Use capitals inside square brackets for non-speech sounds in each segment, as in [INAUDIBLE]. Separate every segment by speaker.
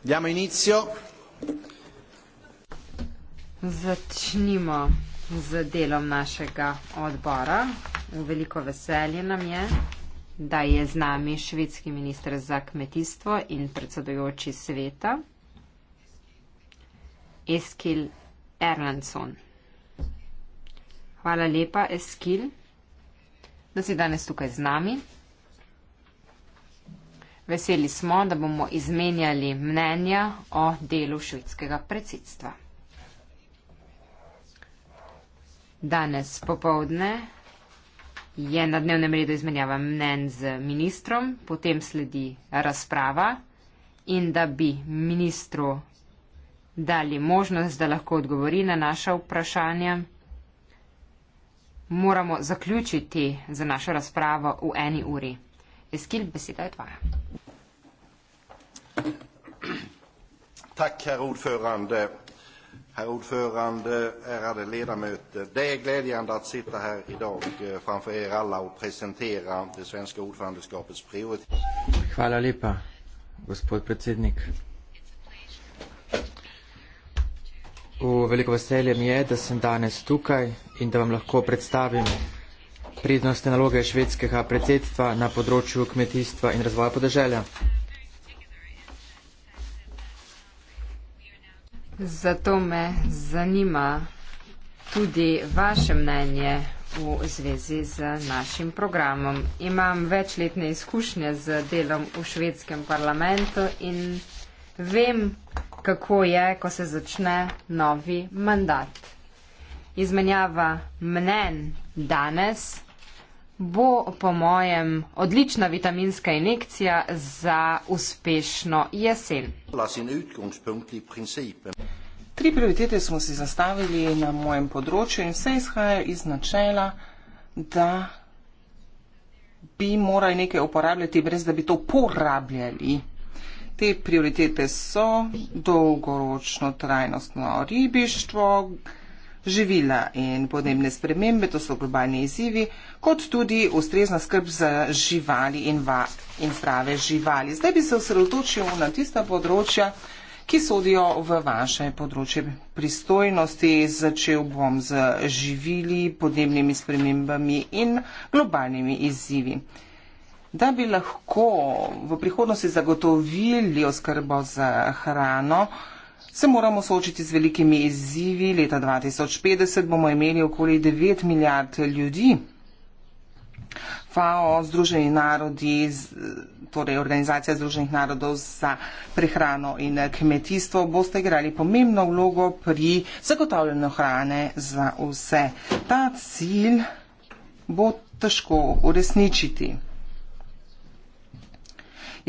Speaker 1: Diamo inizio.
Speaker 2: Začnimo z delom našega odbora. V veliko veselje nam je, da je z nami švedski ministr za kmetijstvo in predsedojoči sveta Eskil Erlandson. Hvala lepa, Eskil, da si danes tukaj z nami. Veseli smo, da bomo izmenjali mnenja o delu švedskega predsedstva. Danes popovdne je na dnevnem redu izmenjava mnen z ministrom, potem sledi razprava in da bi ministru dali možnost, da lahko odgovori na naša vprašanja, moramo zaključiti za našo razpravo v eni uri. Eskil, beseda je tvoja. Tak, herr ordförande.
Speaker 1: Herr ordförande, ärade ledamöter, det är glädjande att sitta här idag eh, framför er alla och presentera det svenska ordförandeskapets prioriteringar. Hvala lepa, gospod predsednik. U veliko veselje mi je da sam danes tukaj in da vam lahko predstavim pridnostne naloge švedskega predsedstva na področju kmetijstva in razvoja podeželja.
Speaker 2: Zato me zanima tudi vaše mnenje v zvezi z našim programom. Imam večletne izkušnje z delom v švedskem parlamentu in vem, kako je, ko se začne novi mandat. Izmenjava mnen danes bo po mojem odlična vitaminska injekcija za uspešno jesen. Tri prioritete
Speaker 1: smo si zastavili na mojem področju in vse izhaja iz načela, da bi morali nekaj uporabljati, brez da bi to porabljali. Te prioritete so dolgoročno trajnostno ribištvo, živila in podnebne spremembe, to so globalni izzivi, kot tudi ustrezna skrb za živali in, va, in zdrave živali. Zdaj bi se osredotočil na tista področja, ki sodijo v vaše področje pristojnosti. Začel bom z živili, podnebnimi spremembami in globalnimi izzivi. Da bi lahko v prihodnosti zagotovili oskrbo za hrano, se moramo soočiti z velikimi izzivi. Leta 2050 bomo imeli okoli 9 milijard ljudi. FAO, Združeni narodi, torej Organizacija Združenih narodov za prehrano in kmetijstvo, boste igrali pomembno vlogo pri zagotavljanju hrane za vse. Ta cilj bo težko uresničiti.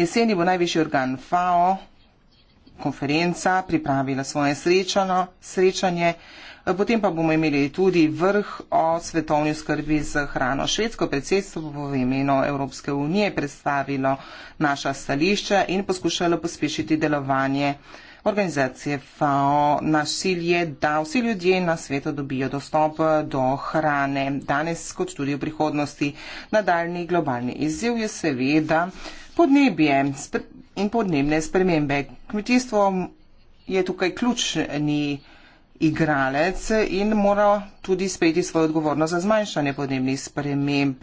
Speaker 1: Jeseni bo najvišji organ FAO, konferenca pripravila svoje srečano, srečanje. Potem pa bomo imeli tudi vrh o svetovni skrbi z hrano. Švedsko predsedstvo bo v imenu Evropske unije predstavilo naša stališča in poskušalo pospešiti delovanje organizacije FAO. Naš cilj je, da vsi ljudje na svetu dobijo dostop do hrane, danes kot tudi v prihodnosti. Nadaljni globalni izziv je seveda podnebje in podnebne spremembe, kmetijstvo je tukaj ključni igralec in mora tudi sprejeti svojo odgovornost za zmanjšanje podnebnih sprememb.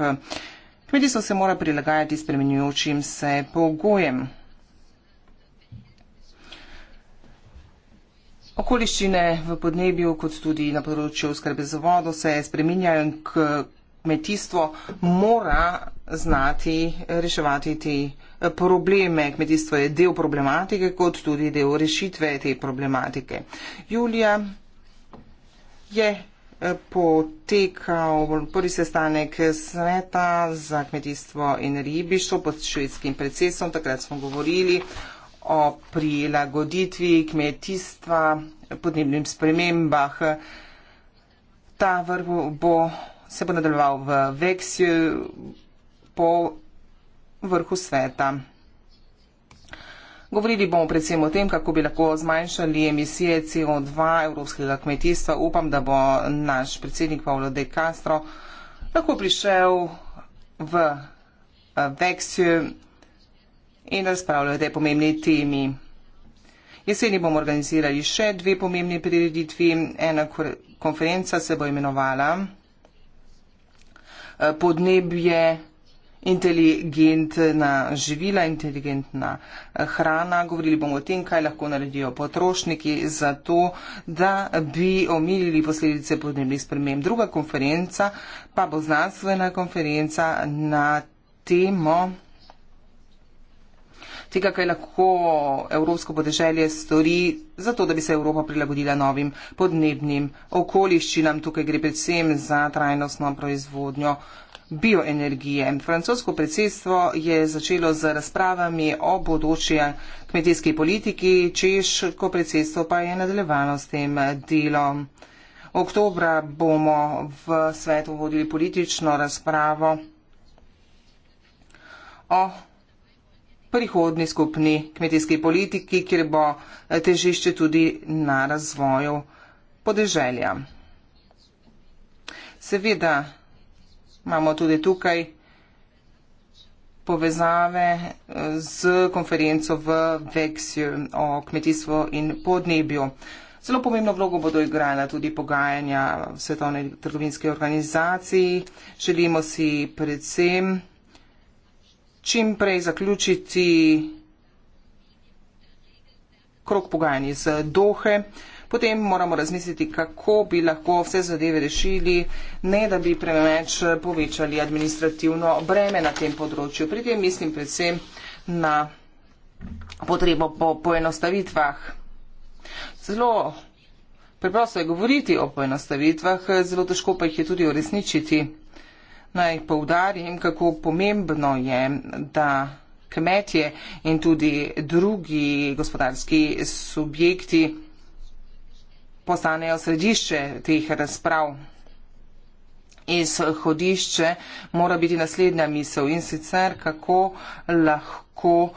Speaker 1: Kmetijstvo se mora prilagajati spremenjujočim se pogojem. Okoliščine v podnebju, kot tudi na področju skrbe za vodo, se spreminjajo in k kmetijstvo mora znati reševati te eh, probleme. Kmetijstvo je del problematike, kot tudi del rešitve te problematike. Julija je eh, potekal prvi sestanek sveta za kmetijstvo in ribištvo pod švedskim predsedstvom. Takrat smo govorili o prilagoditvi kmetijstva podnebnim spremembah. Ta vrh bo se bo nadaljeval v Veksiju po vrhu sveta. Govorili bomo predvsem o tem, kako bi lahko zmanjšali emisije CO2 evropskega kmetijstva. Upam, da bo naš predsednik Pavlo De Castro lahko prišel v eh, Veksiju in razpravljal o tej pomembni temi. Jeseni bomo organizirali še dve pomembni prireditvi. Ena konferenca se bo imenovala Eh, podnebje, inteligentna živila, inteligentna eh, hrana. Govorili bomo o tem, kaj lahko naredijo potrošniki za to, da bi omilili posledice podnebnih sprememb. Druga konferenca pa bo znanstvena konferenca na temo tega, kaj lahko evropsko podeželje stori, zato da bi se Evropa prilagodila novim podnebnim okoliščinam. Tukaj gre predvsem za trajnostno proizvodnjo bioenergije. Francosko predsedstvo je začelo z razpravami o bodočje kmetijski politiki, češko predsedstvo pa je nadaljevalo s tem delom. Oktobra bomo v svetu vodili politično razpravo o prihodni skupni kmetijski politiki, kjer bo eh, težišče tudi na razvoju podeželja. Seveda imamo tudi tukaj povezave eh, z konferenco v Veksju o kmetijstvu in podnebju. Zelo pomembno vlogo bodo igrala tudi pogajanja Svetovne trgovinske organizaciji. Želimo si predvsem čim prej zaključiti krok pogajanj iz Dohe. Potem moramo razmisliti, kako bi lahko vse zadeve rešili, ne da bi preveč povečali administrativno breme na tem področju. Pri tem mislim predvsem na potrebo po poenostavitvah. Zelo preprosto je govoriti o poenostavitvah, zelo težko pa jih je tudi uresničiti. Naj povdarim, kako pomembno je, da kmetje in tudi drugi gospodarski subjekti postanejo središče teh razprav. Izhodišče mora biti naslednja misel in sicer, kako lahko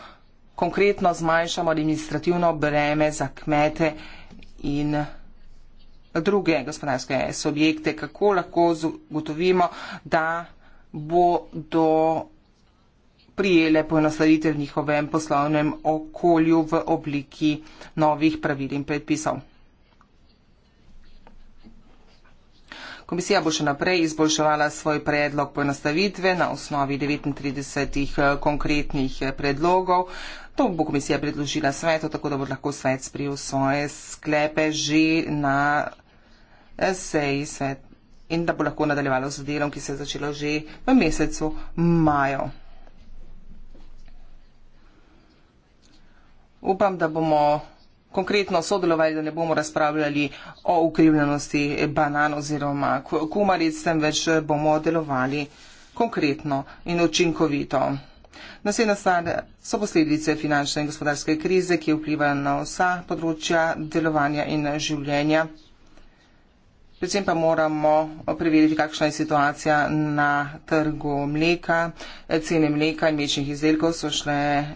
Speaker 1: konkretno zmanjšamo administrativno breme za kmete in kmete druge gospodarske subjekte, kako lahko zagotovimo, da bodo prijele poenostavitev v njihovem poslovnem okolju v obliki novih pravil in predpisov. Komisija bo še naprej izboljševala svoj predlog poenostavitve na osnovi 39 eh, konkretnih eh, predlogov. To bo komisija predložila svetu, tako da bo lahko svet sprijel svoje sklepe že na seji svet in da bo lahko nadaljevalo z delom, ki se je začelo že v mesecu maju. Upam, da bomo konkretno sodelovali, da ne bomo razpravljali o ukrivljenosti banan oziroma kumaric, temveč bomo delovali konkretno in učinkovito. Naslednja stvar so posledice finančne in gospodarske krize, ki vplivajo na vsa področja delovanja in življenja. Predvsem pa moramo preveriti, kakšna je situacija na trgu mleka. Cene mleka in mlečnih izdelkov so, šle,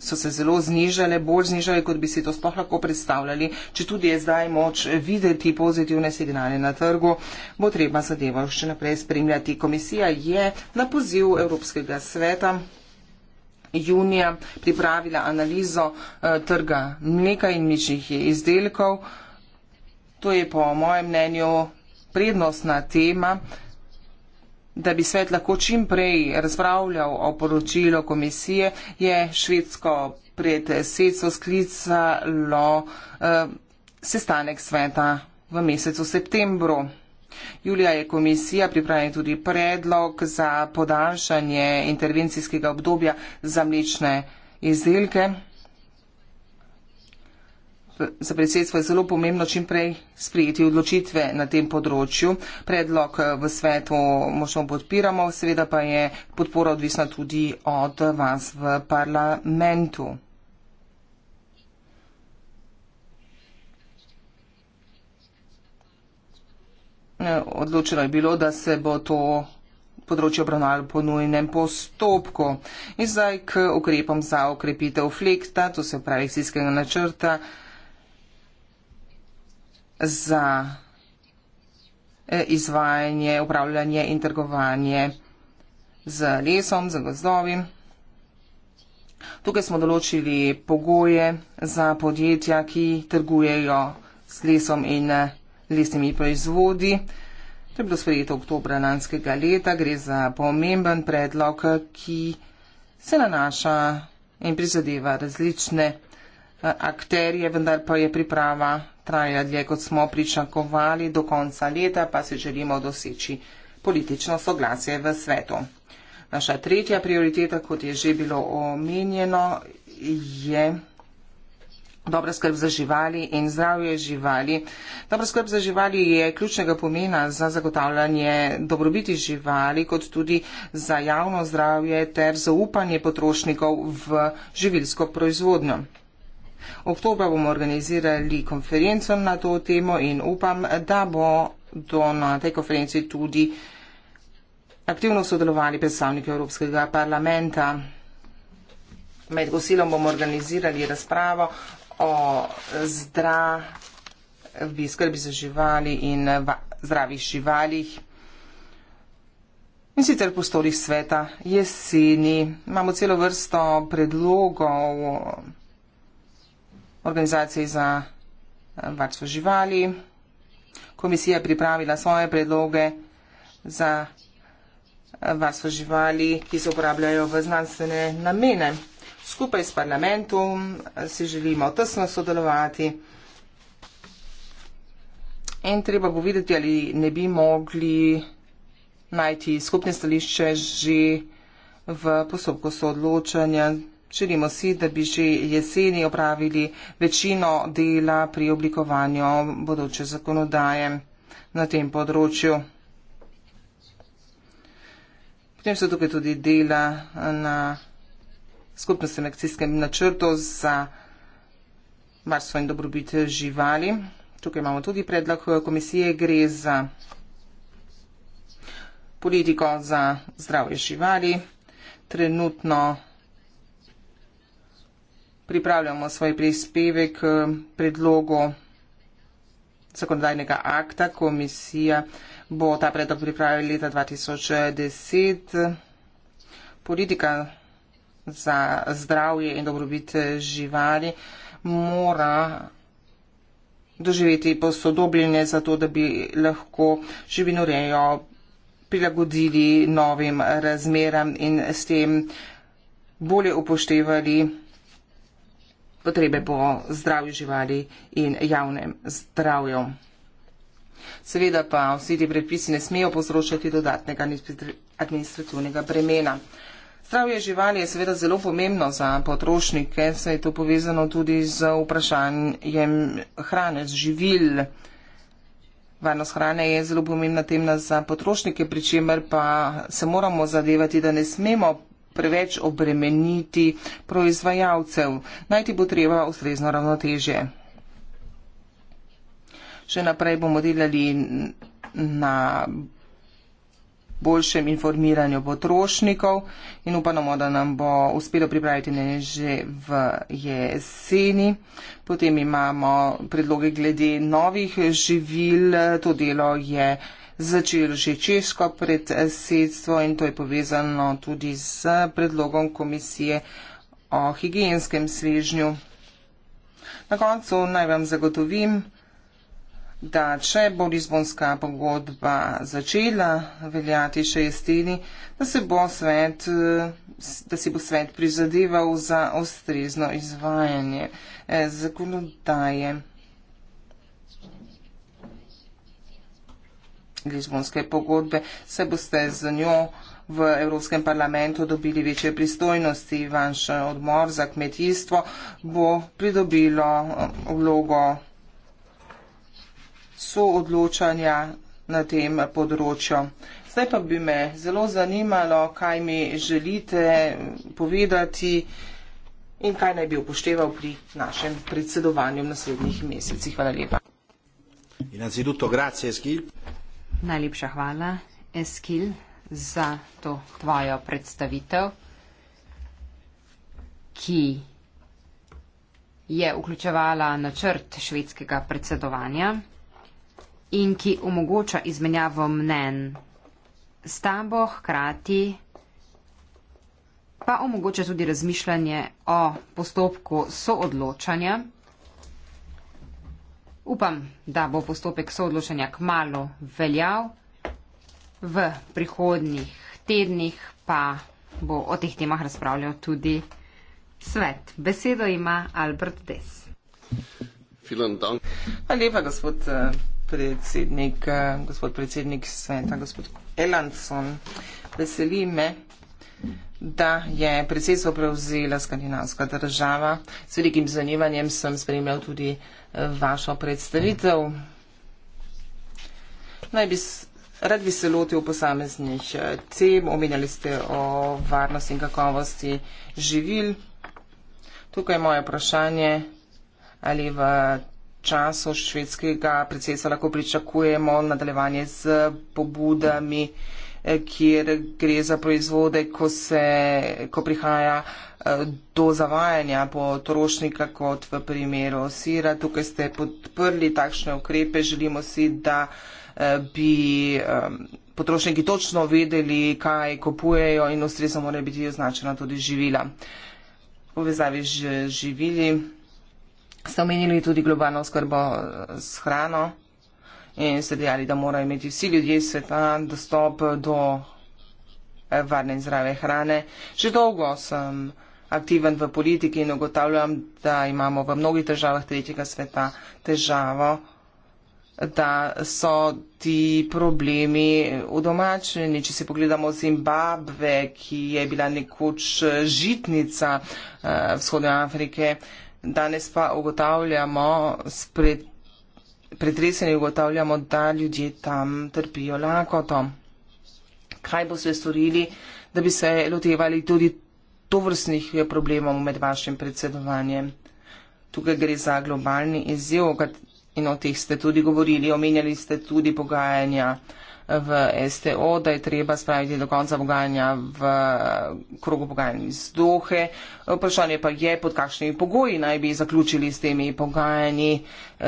Speaker 1: so se zelo znižale, bolj znižale, kot bi si to sploh lahko predstavljali. Če tudi je zdaj moč videti pozitivne signale na trgu, bo treba zadevo še naprej spremljati. Komisija je na poziv Evropskega sveta junija pripravila analizo eh, trga mleka in mlečnih izdelkov. To je po mojem mnenju prednostna tema, da bi svet lahko čim prej razpravljal o poročilu komisije, je švedsko predsedstvo sklicalo eh, sestanek sveta v mesecu septembru. Julija je komisija pripravila tudi predlog za podaljšanje intervencijskega obdobja za mlečne izdelke za predsedstvo je zelo pomembno čim prej sprijeti odločitve na tem področju. Predlog eh, v svetu močno podpiramo, seveda pa je podpora odvisna tudi od vas v parlamentu. Eh, odločeno je bilo, da se bo to področje obravnavalo po nujnem postopku. In zdaj k ukrepom za okrepitev flekta, to se pravi akcijskega načrta za eh, izvajanje, upravljanje in trgovanje z lesom, z gozdovi. Tukaj smo določili pogoje za podjetja, ki trgujejo s lesom in eh, lesnimi proizvodi. To je bilo sprejeto oktobra lanskega leta. Gre za pomemben predlog, ki se nanaša in prizadeva različne eh, akterje, vendar pa je priprava traja dlje, kot smo pričakovali, do konca leta pa si želimo doseči politično soglasje v svetu. Naša tretja prioriteta, kot je že bilo omenjeno, je dobra skrb za živali in zdravje živali. Dobra skrb za živali je ključnega pomena za zagotavljanje dobrobiti živali, kot tudi za javno zdravje ter zaupanje potrošnikov v živilsko proizvodnjo. Oktobra bomo organizirali konferenco na to temo in upam, da bo do na tej konferenci tudi aktivno sodelovali predstavniki Evropskega parlamenta. Med gosilom bomo organizirali razpravo o zdravi skrbi za živali in zdravih živalih. In sicer postori sveta jeseni. Imamo celo vrsto predlogov organizacij za eh, varstvo živali. Komisija je pripravila svoje predloge za eh, varstvo živali, ki se uporabljajo v znanstvene namene. Skupaj s parlamentom eh, si želimo tesno sodelovati in treba bo videti, ali ne bi mogli najti skupne stališče že v postopku soodločanja. Želimo si, da bi že jeseni opravili večino dela pri oblikovanju bodoče zakonodaje na tem področju. Potem so tukaj tudi dela na skupnostnem akcijskem načrtu za varstvo in dobrobit živali. Tukaj imamo tudi predlog komisije, gre za politiko za zdravje živali. Trenutno pripravljamo svoj prispevek k eh, predlogu zakonodajnega akta. Komisija bo ta predlog pripravila leta 2010. Politika za zdravje in dobrobit eh, živali mora doživeti posodobljenje za to, da bi lahko živinorejo prilagodili novim razmeram in s tem bolje upoštevali potrebe po zdravju živali in javnem zdravju. Seveda pa vsi ti predpisi ne smejo povzročati dodatnega administrativnega bremena. Zdravje živali je seveda zelo pomembno za potrošnike, saj je to povezano tudi z vprašanjem hrane, z živil. Varnost hrane je zelo pomembna temna za potrošnike, pri čemer pa se moramo zadevati, da ne smemo preveč obremeniti proizvajalcev. Najti bo treba ustrezno ravnotežje. Še naprej bomo delali na boljšem informiranju potrošnikov in upamo, da nam bo uspelo pripraviti ne že v jeseni. Potem imamo predloge glede novih živil. To delo je začel že česko predsedstvo in to je povezano tudi z predlogom komisije o higijenskem svežnju. Na koncu naj vam zagotovim, da če bo Lizbonska pogodba začela veljati še jesteni, da, se bo svet, da si bo svet prizadeval za ustrezno izvajanje eh, zakonodaje. Lizbonske pogodbe, se boste z njo v Evropskem parlamentu dobili večje pristojnosti, vaš eh, odmor za kmetijstvo bo pridobilo eh, vlogo soodločanja na tem eh, področju. Zdaj pa bi me zelo zanimalo, kaj mi želite povedati in kaj naj bi upošteval pri našem predsedovanju v naslednjih mesecih. Hvala lepa. In na zidu to gracijski.
Speaker 2: Najlepša hvala, Eskil, za to tvojo predstavitev, ki je vključevala načrt švedskega predsedovanja in ki omogoča izmenjavo mnen s tabo hkrati, pa omogoča tudi razmišljanje o postopku soodločanja. Upam, da bo postopek soodločanja k malo veljav. V prihodnih tednih pa bo o teh temah razpravljal tudi svet. Besedo ima Albert Des. Hvala lepa, gospod eh, predsednik,
Speaker 1: eh, gospod predsednik sveta, gospod Elanson. Veseli me, da je predsedstvo prevzela skandinavska država. Z velikim zanimanjem sem spremljal tudi eh, vašo predstavitev. Naj bi rad bi se lotil posameznih eh, tem, omenjali ste o varnosti in kakovosti živil. Tukaj je moje vprašanje, ali v času švedskega predsedstva lahko pričakujemo nadaljevanje z pobudami. Mm. Eh, kjer gre za proizvode, ko, se, ko prihaja eh, do zavajanja potrošnika, kot v primeru sira. Tukaj ste podprli takšne ukrepe. Želimo si, da eh, bi potrošniki točno vedeli, kaj kupujejo in ustrezno morajo biti označena tudi živila. V povezavi z živili ste omenili tudi globalno skrbo s hrano in ste dejali, da morajo imeti vsi ljudje sveta dostop do eh, varne in zdrave hrane. Že dolgo sem aktiven v politiki in ugotavljam, da imamo v mnogih državah tretjega sveta težavo, da so ti problemi v domačini. Če si pogledamo Zimbabve, ki je bila nekoč žitnica uh, vzhodne Afrike, danes pa ugotavljamo spred pretreseni ugotavljamo, da ljudje tam trpijo lakoto. Kaj boste storili, da bi se lotevali tudi tovrstnih problemov med vašim predsedovanjem? Tukaj gre za globalni izziv in o teh ste tudi govorili, omenjali ste tudi pogajanja v STO, da je treba spraviti do konca pogajanja v eh, krogu pogajanj iz Dohe. Vprašanje pa je, pod kakšnimi pogoji naj bi zaključili s temi pogajanji.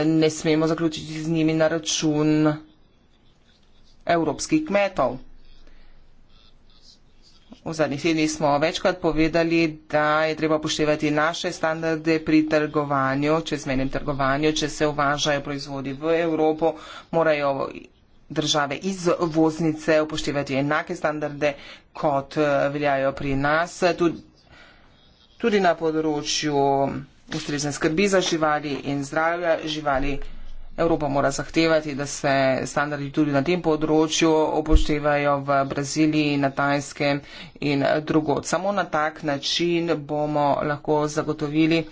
Speaker 1: Ne smemo zaključiti z njimi na račun evropskih kmetov. V zadnjih tednih smo večkrat povedali, da je treba upoštevati naše standarde pri trgovanju, čezmenem trgovanju, če se uvažajo proizvodi v Evropo, morajo države izvoznice upoštevati enake standarde, kot eh, veljajo pri nas, tudi, tudi na področju ustrezne skrbi za živali in zdravja živali. Evropa mora zahtevati, da se standardi tudi na tem področju upoštevajo v Braziliji, na Tajskem in drugod. Samo na tak način bomo lahko zagotovili,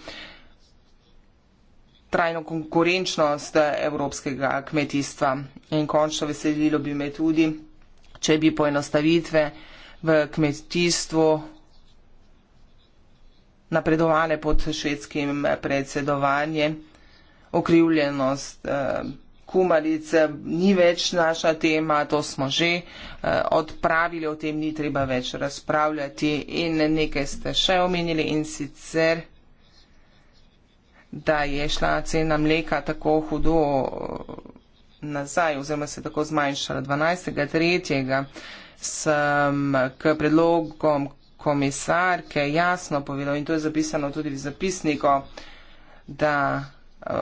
Speaker 1: trajno konkurenčnost evropskega kmetijstva. In končno veselilo bi me tudi, če bi poenostavitve v kmetijstvu napredovane pod švedskim predsedovanjem. Okrivljenost eh, kumarice ni več naša tema, to smo že eh, odpravili, o tem ni treba več razpravljati. In nekaj ste še omenili in sicer da je šla cena mleka tako hudo nazaj oziroma se tako zmanjšala. 12.3. sem k predlogom komisarke jasno povedal in to je zapisano tudi v zapisniku, da eh,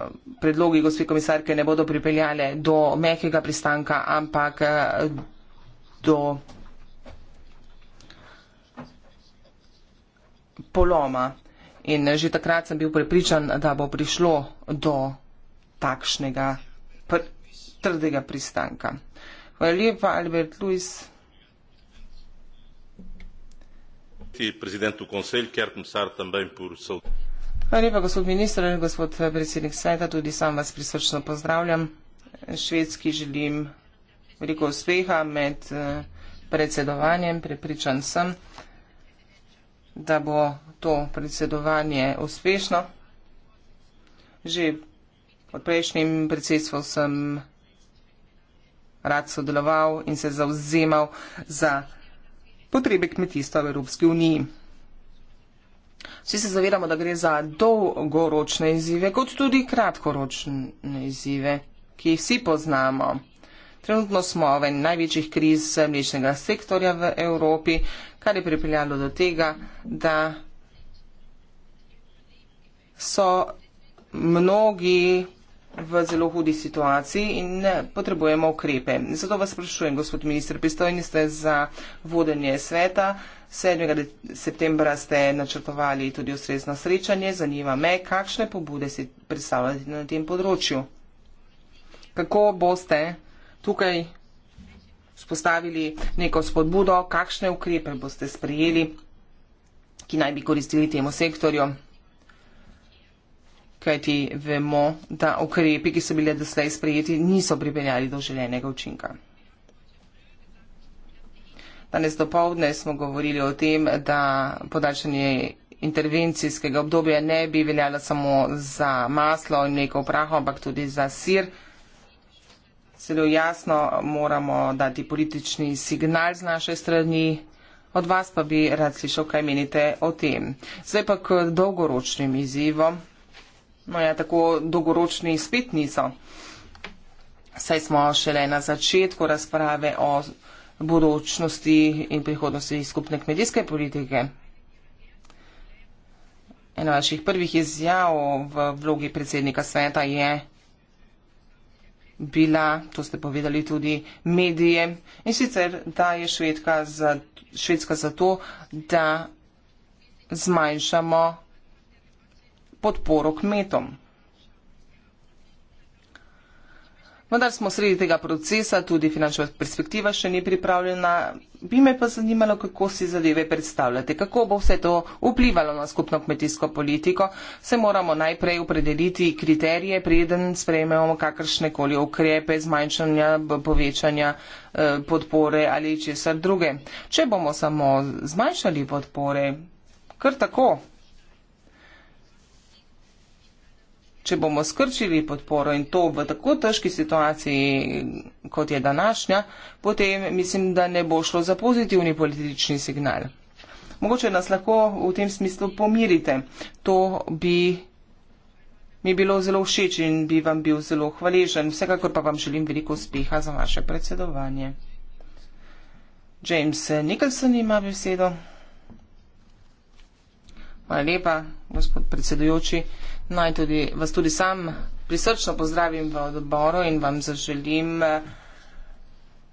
Speaker 1: predlogi gospe komisarke ne bodo pripeljale do mehkega pristanka, ampak eh, do poloma. In že takrat sem bil prepričan, da bo prišlo do takšnega pr trdega pristanka. Hvala lepa, Albert Luis. Hvala lepa, gospod ministr in gospod eh, predsednik sveta, tudi sam vas prisrčno pozdravljam. Švedski želim veliko uspeha med eh, predsedovanjem, prepričan sem da bo to predsedovanje uspešno. Že pod prejšnjim predsedstvom sem rad sodeloval in se zauzemal za potrebe kmetijstva v Evropski uniji. Vsi se zavedamo, da gre za dolgoročne izzive, kot tudi kratkoročne izzive, ki jih vsi poznamo. Trenutno smo v največjih kriz mlečnega sektorja v Evropi, kar je pripeljalo do tega, da so mnogi v zelo hudi situaciji in potrebujemo ukrepe. Zato vas sprašujem, gospod minister, pristojni ste za vodenje sveta. 7. septembra ste načrtovali tudi ustrezno srečanje. Zanima me, kakšne pobude si predstavljate na tem področju. Kako boste tukaj spostavili neko spodbudo, kakšne ukrepe boste sprejeli, ki naj bi koristili temu sektorju. Kajti vemo, da ukrepi, ki so bile doslej sprejeti, niso pripeljali do željenega učinka. Danes dopovdne smo govorili o tem, da podaljšanje intervencijskega obdobja ne bi veljalo samo za maslo in neko praho, ampak tudi za sir. Zelo jasno moramo dati politični signal z naše strani. Od vas pa bi rad slišal, kaj menite o tem. Zdaj pa k dolgoročnim izzivom. No ja, tako dolgoročni spet niso. Saj smo šele na začetku razprave o bodočnosti in prihodnosti skupne kmetijske politike. Ena vaših prvih izjav v vlogi predsednika sveta je bila, to ste povedali tudi medije, in sicer, da je švedka, za, švedska zato, da zmanjšamo podporo kmetom. vendar smo sredi tega procesa, tudi finančna perspektiva še ni pripravljena. Bi me pa zanimalo, kako si zadeve predstavljate, kako bo vse to vplivalo na skupno kmetijsko politiko. Se moramo najprej opredeliti kriterije, preden sprejmemo kakršne koli ukrepe zmanjšanja, povečanja eh, podpore ali česar druge. Če bomo samo zmanjšali podpore, kar tako, če bomo skrčili podporo in to v tako težki situaciji, kot je današnja, potem mislim, da ne bo šlo za pozitivni politični signal. Mogoče nas lahko v tem smislu pomirite. To bi mi bilo zelo všeč in bi vam bil zelo hvaležen. Vsekakor pa vam želim veliko uspeha za vaše predsedovanje. James Nicholson ima besedo. Hvala lepa, gospod predsedujoči. Naj tudi vas tudi sam prisrčno pozdravim v odboru in vam zaželim eh,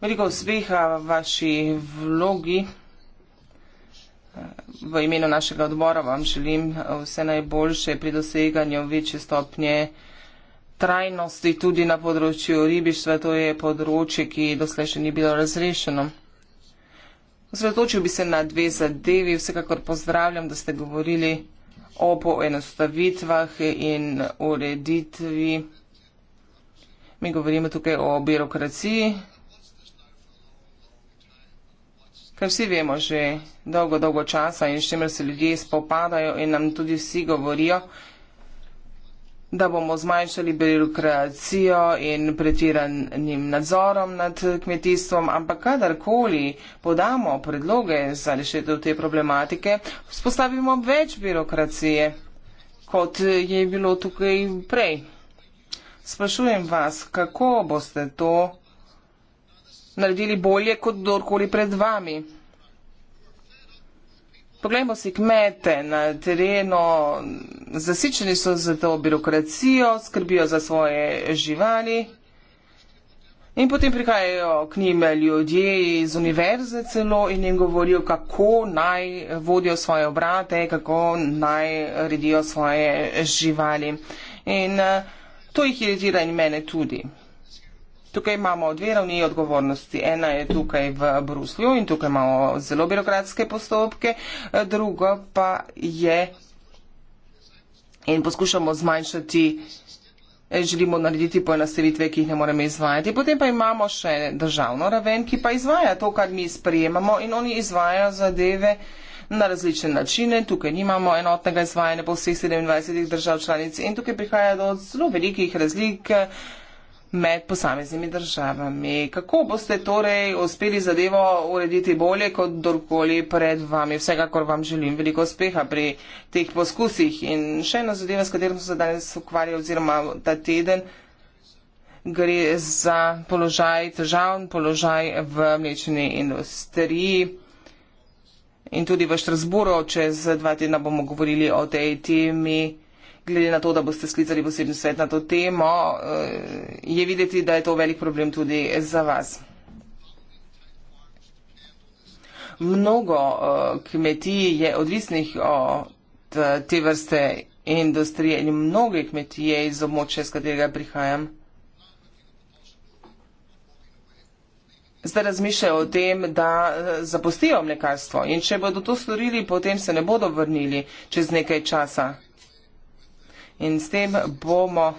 Speaker 1: veliko uspeha v vaši vlogi. Eh, v imenu našega odbora vam želim eh, vse najboljše pri doseganju večje stopnje trajnosti tudi na področju ribištva, to je področje, ki doslej še ni bilo razrešeno. Zrotočil bi se na dve zadevi, vsekakor pozdravljam, da ste govorili o poenostavitvah in ureditvi. Mi govorimo tukaj o birokraciji, kar vsi vemo že dolgo, dolgo časa in s čimer se ljudje spopadajo in nam tudi vsi govorijo, da bomo zmanjšali birokracijo in pretiranim nadzorom nad kmetijstvom, ampak kadarkoli podamo predloge za rešitev te problematike, spostavimo več birokracije, kot je bilo tukaj prej. Sprašujem vas, kako boste to naredili bolje kot kdorkoli pred vami? Poglejmo si kmete na terenu, zasičeni so za to birokracijo, skrbijo za svoje živali. In potem prihajajo k njim ljudje iz univerze celo in jim govorijo, kako naj vodijo svoje obrate, kako naj redijo svoje živali. In eh, to jih iritira in mene tudi. Tukaj imamo dve ravni odgovornosti. Ena je tukaj v Bruslju in tukaj imamo zelo birokratske postopke, eh, drugo pa je in poskušamo zmanjšati. Eh, želimo narediti poenostavitve, ki jih ne moremo izvajati. Potem pa imamo še državno raven, ki pa izvaja to, kar mi sprejemamo in oni izvajajo zadeve na različne načine. Tukaj nimamo enotnega izvajanja po vseh 27 držav članic in tukaj prihaja do zelo velikih razlik. Eh, med posameznimi državami. Kako boste torej uspeli zadevo urediti bolje kot kdorkoli pred vami? Vsekakor vam želim veliko uspeha pri teh poskusih. In še ena zadeva, s katero sem se danes ukvarjal oziroma ta teden, gre za položaj, težavn položaj v mlečni industriji. In tudi v Štrasburu, čez dva tedna bomo govorili o tej temi glede na to, da boste sklicali posebno svet na to temo, eh, je videti, da je to velik problem tudi za vas. Mnogo eh, kmetij je odvisnih od eh, te vrste industrije in mnoge kmetije iz območja, z katerega prihajam. Zdaj razmišljajo o tem, da zapustijo mlekarstvo in če bodo to storili, potem se ne bodo vrnili čez nekaj časa in s tem bomo.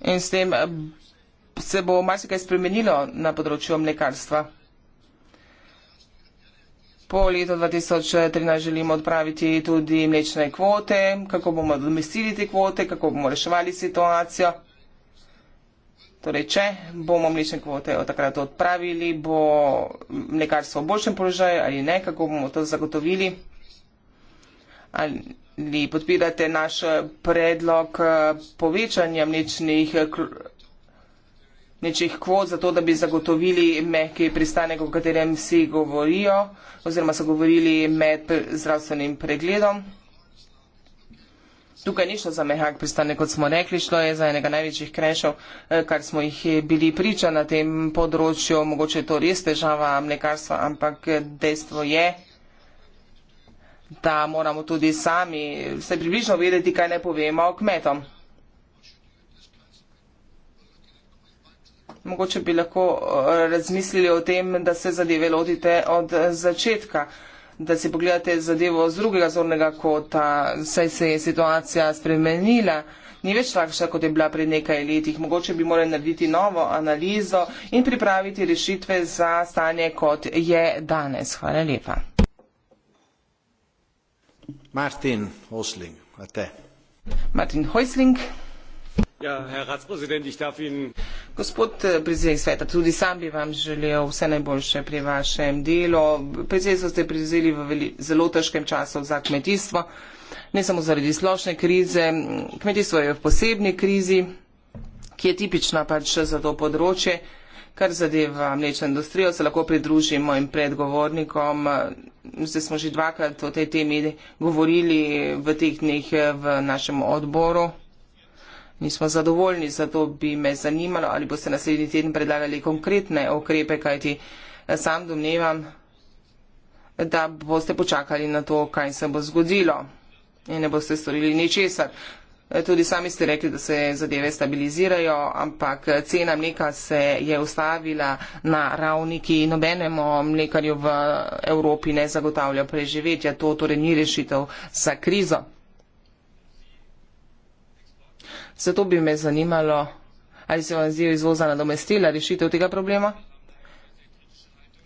Speaker 1: In s tem eh, se bo marsikaj spremenilo na področju mlekarstva. Po letu 2013 želimo odpraviti tudi mlečne kvote, kako bomo domestili te kvote, kako bomo reševali situacijo. Torej, če bomo mlečne kvote od takrat odpravili, bo mlekarstvo v boljšem položaju ali ne, kako bomo to zagotovili ali podpirate naš eh, predlog eh, povečanja mlečnih nečih kvot za to, da bi zagotovili mehki pristanek, o katerem vsi govorijo oziroma so govorili med zdravstvenim pregledom. Tukaj ni šlo za mehak pristanek, kot smo rekli, šlo je za enega največjih krešev, eh, kar smo jih bili priča na tem področju. Mogoče je to res težava mlekarstva, ampak dejstvo je, da moramo tudi sami vse približno vedeti, kaj ne povemo kmetom. Mogoče bi lahko eh, razmislili o tem, da se zadeve lotite od začetka, da si pogledate zadevo z drugega zornega kota, saj se je situacija spremenila. Ni več takšna, kot je bila pred nekaj letih. Mogoče bi morali narediti novo analizo in pripraviti rešitve za stanje, kot je danes. Hvala lepa. Martin Häusling, a te. Martin Häusling. Ja,
Speaker 2: Herr Ratspräsident, ich darf Ihnen.
Speaker 1: Gospod eh, predsednik sveta, tudi sam bi vam želel vse najboljše pri vašem delu. Predsednik ste prevzeli v zelo težkem času za kmetijstvo, ne samo zaradi splošne krize. Kmetijstvo je v posebni krizi, ki je tipična pač za to področje kar zadeva mlečno industrijo, se lahko pridružim mojim predgovornikom. Zdaj smo že dvakrat o tej temi govorili v teh dneh v našem odboru. Nismo zadovoljni, zato bi me zanimalo, ali boste naslednji teden predlagali konkretne okrepe, kajti eh, sam domnevam, da boste počakali na to, kaj se bo zgodilo in ne boste storili ničesar. Eh, tudi sami ste rekli, da se zadeve stabilizirajo, ampak eh, cena mleka se je ustavila na ravni, ki nobenemu mlekarju v eh, Evropi ne zagotavlja preživetja. To torej ni rešitev za krizo. Zato bi me zanimalo, ali se vam zdi izvoza nadomestila rešitev tega problema.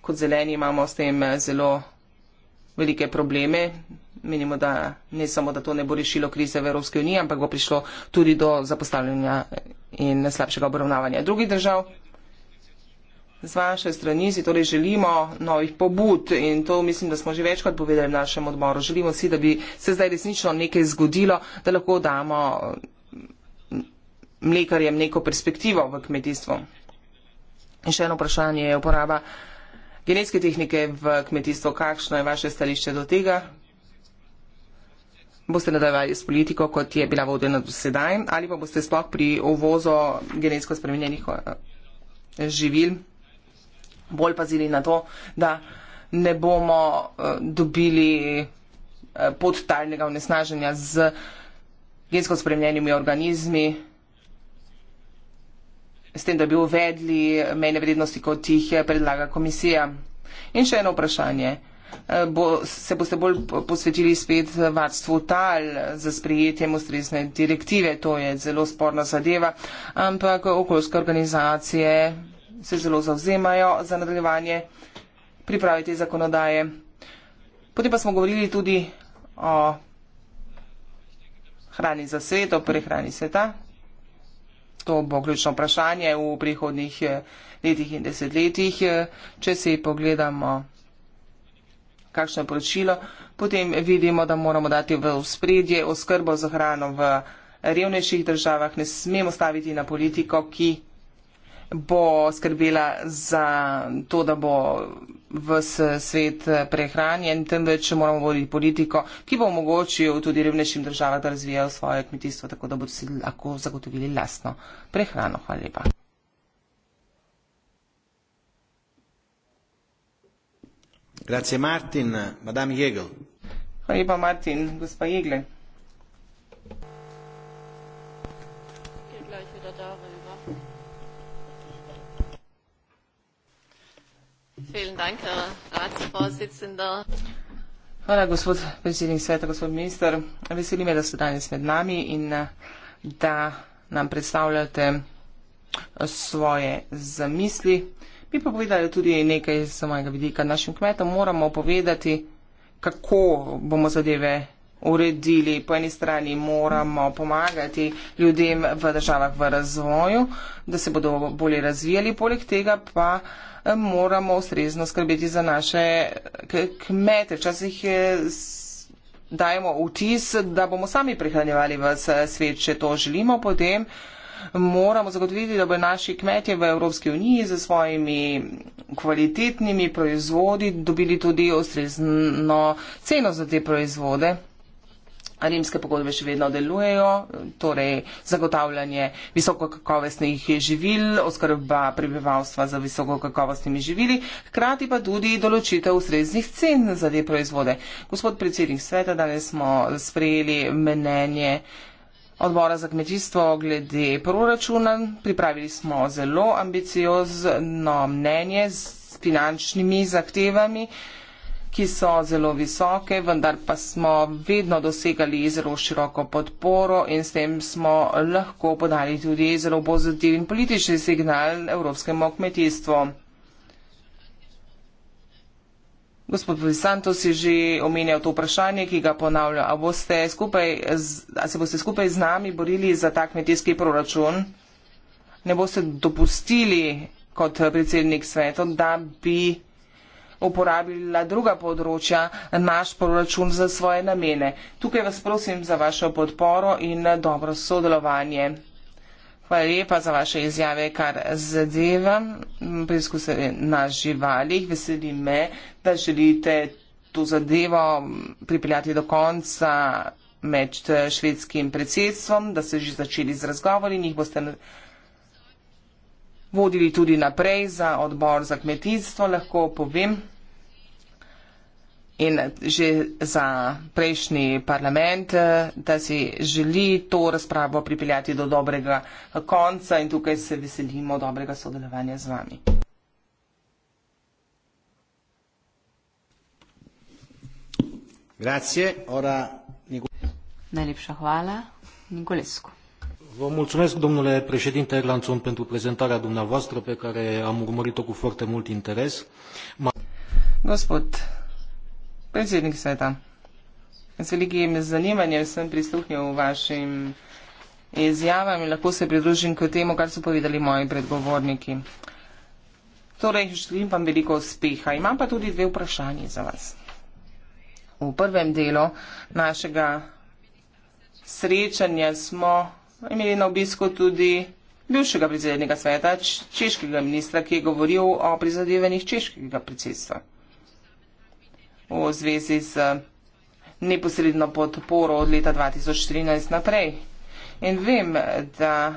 Speaker 1: Kot zeleni imamo s tem zelo velike probleme, menimo, da ne samo, da to ne bo rešilo krize v Evropski uniji, ampak bo prišlo tudi do zapostavljanja in slabšega obravnavanja drugih držav. Z vaše strani si torej želimo novih pobud in to mislim, da smo že večkrat povedali v našem odmoru. Želimo si, da bi se zdaj resnično nekaj zgodilo, da lahko damo mlekarjem neko perspektivo v kmetijstvu. In še eno vprašanje je uporaba genetske tehnike v kmetijstvu. Kakšno je vaše stališče do tega? boste nadaljevali s politiko, kot je bila vodena do sedaj, ali pa boste sploh pri uvozu genetsko spremenjenih eh, živil bolj pazili na to, da ne bomo eh, dobili eh, podtaljnega onesnaženja z gensko spremenjenimi organizmi, s tem, da bi uvedli mejne vrednosti, kot jih predlaga komisija. In še eno vprašanje. Eh, bo, se boste bolj posvečili spet varstvu tal za sprejetjem ustrezne direktive. To je zelo sporna zadeva, ampak okoljske organizacije se zelo zauzemajo za nadaljevanje priprave te zakonodaje. Potem pa smo govorili tudi o hrani za svet, o prehrani sveta. To bo ključno vprašanje v prihodnih eh, letih in desetletjih, eh, če si pogledamo kakšno je poročilo, potem vidimo, da moramo dati v spredje oskrbo z hrano v revnejših državah, ne smemo staviti na politiko, ki bo skrbela za to, da bo v svet prehranjen, temveč moramo voditi politiko, ki bo omogočil tudi revnejšim državam, da razvijajo svoje kmetijstvo, tako da bodo si lahko zagotovili lastno prehrano. Hvala lepa. Grazie Martin. Madame Jegel. Hvala lepa Martin, gospa Jegle. Hvala, gospod predsednik sveta, gospod minister. Veseli me, da ste danes med nami in eh, da nam predstavljate eh, svoje zamisli bi pa povedali tudi nekaj z mojega vidika našim kmetom. Moramo povedati, kako bomo zadeve uredili. Po eni strani moramo pomagati ljudem v državah v razvoju, da se bodo bolje razvijali. Poleg tega pa eh, moramo ustrezno skrbeti za naše kmete. Včasih eh, dajemo vtis, da bomo sami prihranjevali v svet, če to želimo, potem uh, moramo zagotoviti, da bo naši kmetje v Evropski uniji z svojimi kvalitetnimi proizvodi dobili tudi ustrezno ceno za te proizvode. Rimske pogodbe še vedno delujejo, torej zagotavljanje visokokakovostnih živil, oskrba prebivalstva z visokokakovostnimi živili, hkrati pa tudi določitev ustreznih cen za te proizvode. Gospod predsednik sveta, danes smo sprejeli mnenje odbora za kmetijstvo glede proračuna. Pripravili smo zelo ambiciozno mnenje z finančnimi zahtevami, ki so zelo visoke, vendar pa smo vedno dosegali zelo široko podporo in s tem smo lahko podali tudi zelo pozitiven politični signal evropskemu kmetijstvu. Gospod Santos je že omenjal to vprašanje, ki ga ponavlja. A, a se boste skupaj z nami borili za tak kmetijski proračun? Ne boste dopustili kot predsednik sveta, da bi uporabila druga področja naš proračun za svoje namene. Tukaj vas prosim za vašo podporo in dobro sodelovanje. Hvala lepa za vaše izjave, kar zadeva preizkuse na živalih. Veseli me, da želite to zadevo pripeljati do konca med eh, švedskim predsedstvom, da ste že začeli z razgovori in jih boste vodili tudi naprej za odbor za kmetijstvo. Lahko povem, in že za prejšnji parlament, eh, da si želi to razpravo pripeljati do dobrega konca in tukaj se veselimo dobrega sodelovanja z vami. Grazie, ora...
Speaker 2: Najlepša hvala, Nikolesko.
Speaker 1: Vă mulțumesc, domnule președinte Erlanțon, pentru prezentarea dumneavoastră pe care am urmărit-o cu foarte mult interes. Gospod Predsednik sveta, z velikim zanimanjem sem prisluhnil vašim izjavam in lahko se pridružim k temu, kar so povedali moji predgovorniki. Torej, želim vam veliko uspeha. Imam pa tudi dve vprašanje za vas. V prvem delu našega srečanja smo imeli na obisku tudi bivšega predsednika sveta, češkega ministra, ki je govoril o prizadevanjih češkega predsedstva v zvezi z neposredno podporo od leta 2013 naprej. In vem, da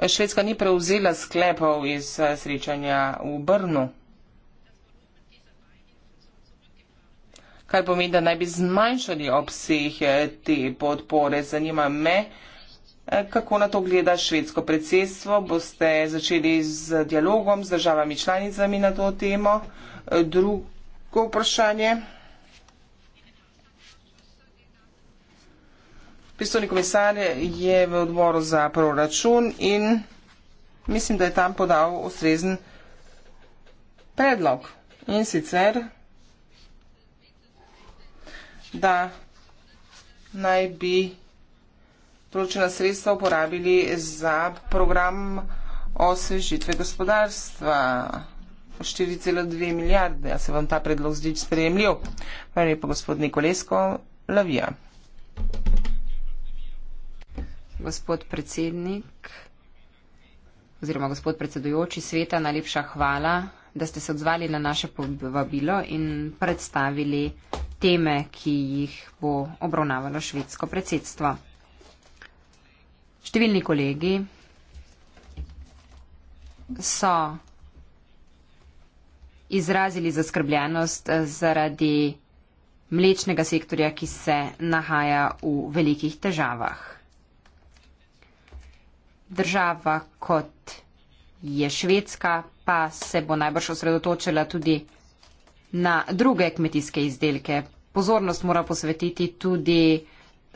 Speaker 1: Švedska ni prevzela sklepov iz eh, srečanja v Brnu. Kaj pomeni, da naj bi zmanjšali obseh eh, te podpore? Zanima me, Kako na to gleda švedsko predsedstvo? Boste začeli z dialogom z državami članicami na to temo? Drugo vprašanje. Pristovni komisar je v odboru za proračun in mislim, da je tam podal ustrezen predlog. In sicer, da naj bi določena sredstva uporabili za program osvežitve gospodarstva. 4,2 milijarde. Ja se vam ta predlog zdi sprejemljiv? Pa je pa gospod Nikolesko, Lavija.
Speaker 2: Gospod predsednik oziroma gospod predsedujoči sveta, najlepša hvala, da ste se odzvali na naše povabilo in predstavili teme, ki jih bo obravnavalo švedsko predsedstvo. Številni kolegi so izrazili zaskrbljenost zaradi mlečnega sektorja, ki se nahaja v velikih težavah. Država kot je Švedska pa se bo najbrž osredotočila tudi na druge kmetijske izdelke. Pozornost mora posvetiti tudi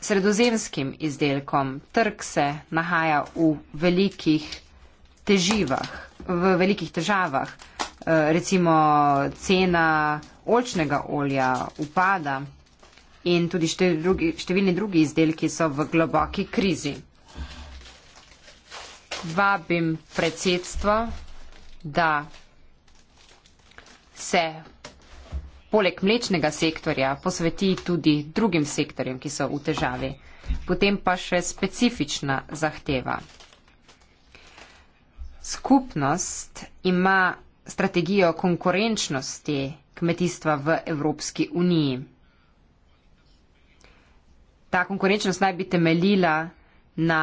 Speaker 2: sredozemskim izdelkom. Trg se nahaja v velikih teživah, v velikih težavah. E, recimo cena olčnega olja upada in tudi številni drugi izdelki so v globoki krizi. Vabim predsedstvo, da se poleg mlečnega sektorja posveti tudi drugim sektorjem, ki so v težavi. Potem pa še specifična zahteva. Skupnost ima strategijo konkurenčnosti kmetijstva v Evropski uniji. Ta konkurenčnost naj bi temeljila na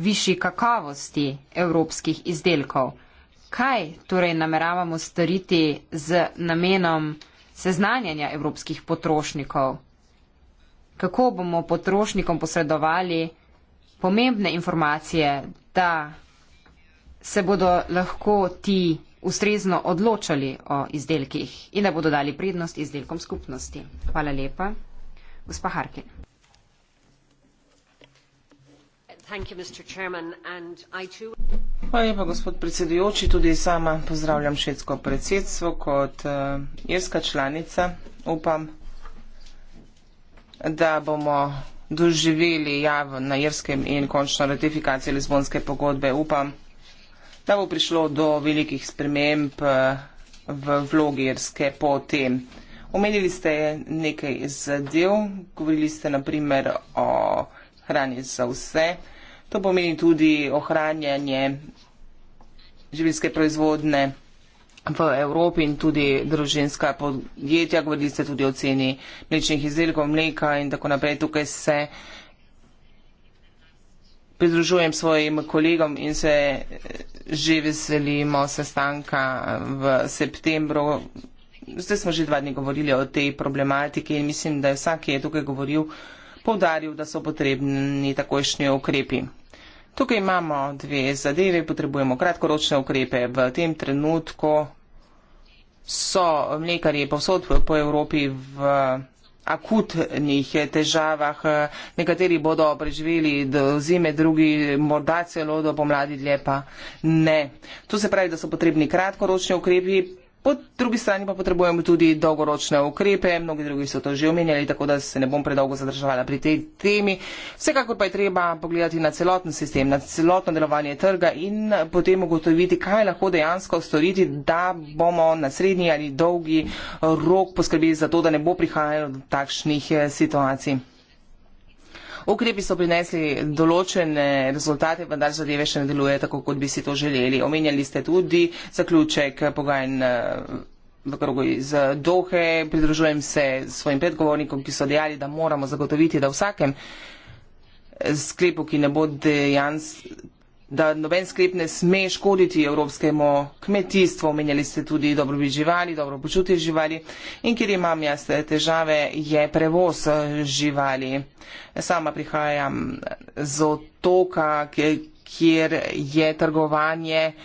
Speaker 2: višji kakovosti evropskih izdelkov. Kaj torej nameravamo storiti z namenom seznanjanja evropskih potrošnikov. Kako bomo potrošnikom posredovali pomembne informacije, da se bodo lahko ti ustrezno odločali o izdelkih in da bodo dali prednost izdelkom skupnosti. Hvala lepa. Gospa Harkin. Thank you, Mr. Chairman, and I too lepa, je pa gospod predsedujoči,
Speaker 1: tudi sama pozdravljam švedsko predsedstvo kot uh, irska članica. Upam, da bomo doživeli jav na irskem in končno ratifikacijo Lizbonske pogodbe. Upam, da bo prišlo do velikih sprememb uh, v vlogi irske potem. Omenili ste nekaj zadev, govorili ste naprimer o hrani za vse. Uh, To pomeni tudi ohranjanje življenske proizvodne v Evropi in tudi družinska podjetja. Govorili ste tudi o ceni mlečnih izdelkov, mleka in tako naprej. Tukaj se pridružujem svojim kolegom in se že veselimo sestanka v septembru. Zdaj smo že dva dni govorili o tej problematiki in mislim, da je vsak, ki je tukaj govoril, povdaril, da so potrebni takošnji ukrepi. Tukaj imamo dve zadeve, potrebujemo kratkoročne ukrepe. V tem trenutku so mlekarje povsod po Evropi v akutnih težavah. Nekateri bodo preživeli do zime, drugi morda celo do pomladi, dlje pa ne. To se pravi, da so potrebni kratkoročni ukrepi, Po drugi strani pa potrebujemo tudi dolgoročne ukrepe, mnogi drugi so to že omenjali, tako da se ne bom predolgo zadržavala pri tej temi. Vsekakor pa je treba pogledati na celoten sistem, na celotno delovanje trga in potem ugotoviti, kaj lahko dejansko storiti, da bomo na srednji ali dolgi rok poskrbeli za to, da ne bo prihajalo do takšnih eh, situacij. Ukrepi so prinesli določene rezultate, vendar zadeve še ne deluje tako, kot bi si to želeli. Omenjali ste tudi zaključek pogajanj eh, v krogu iz Dohe. Pridružujem se svojim predgovornikom, ki so dejali, da moramo zagotoviti, da vsakem sklepu, ki ne bo dejansko da noben sklep ne sme škoditi evropskemu kmetijstvu, omenjali ste tudi dobrobit živali, dobro počutje živali in kjer imam jaz težave, je prevoz eh, živali. Sama prihajam z otoka, kjer je trgovanje uh,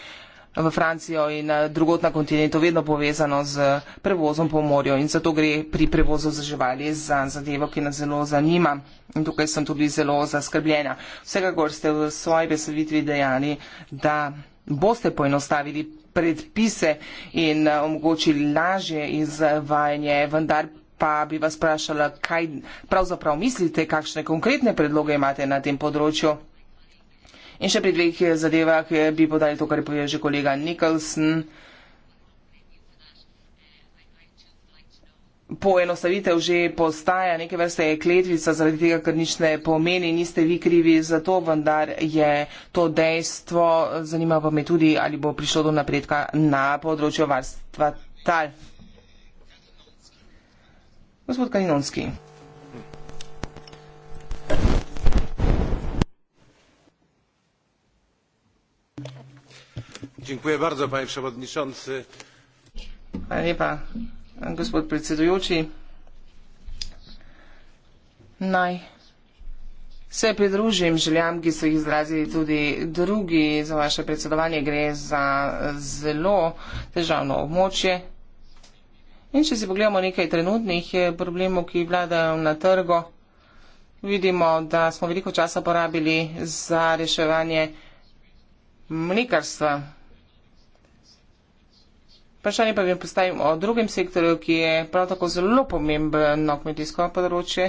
Speaker 1: v Francijo in eh, drugot na kontinentu vedno povezano z prevozom po morju in zato gre pri prevozu za živali za zadevo, ki nas zelo zanima in tukaj sem tudi zelo zaskrbljena. Vsekakor ste v svoji besedvitvi dejali, da boste poenostavili predpise in eh, omogočili lažje izvajanje, vendar pa bi vas vprašala, kaj pravzaprav mislite, kakšne konkretne predloge imate na tem področju. In še pri dveh zadevah eh, bi podali to, kar je povedal že kolega Nicholson. Poenostavitev že postaja neke vrste kletvica, zaradi tega, ker nič ne pomeni, niste vi krivi za to, vendar je to dejstvo. Zanima pa me tudi, ali bo prišlo do napredka na področju varstva tal. Gospod Kalinonski.
Speaker 2: panie przewodniczący
Speaker 1: gospod predsedujoči naj se pridružim željam ki so jih izrazili tudi drugi za vaše predsedovanje gre za zelo težavno območje in če si pogledamo nekaj trenutnih eh, problemov ki vladajo na trgu vidimo da smo veliko časa porabili za reševanje mlekarstva Vprašanje pa bi postavil o drugem sektorju, ki je prav tako zelo pomembno kmetijsko področje.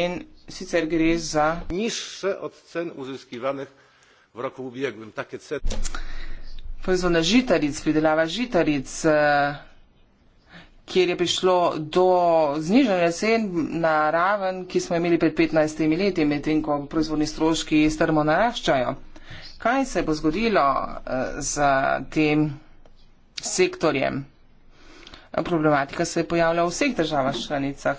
Speaker 1: In sicer gre za nižje od cen uzeskivanih v roku ubijegujem. Proizvodna žitaric, pridelava žitaric, e, kjer je prišlo do znižanja cen na raven, ki smo imeli pred 15 leti, medtem ko proizvodni stroški strmo naraščajo. Kaj se bo zgodilo z e, tem? sektorjem. Problematika se je pojavljala v vseh državah članicah.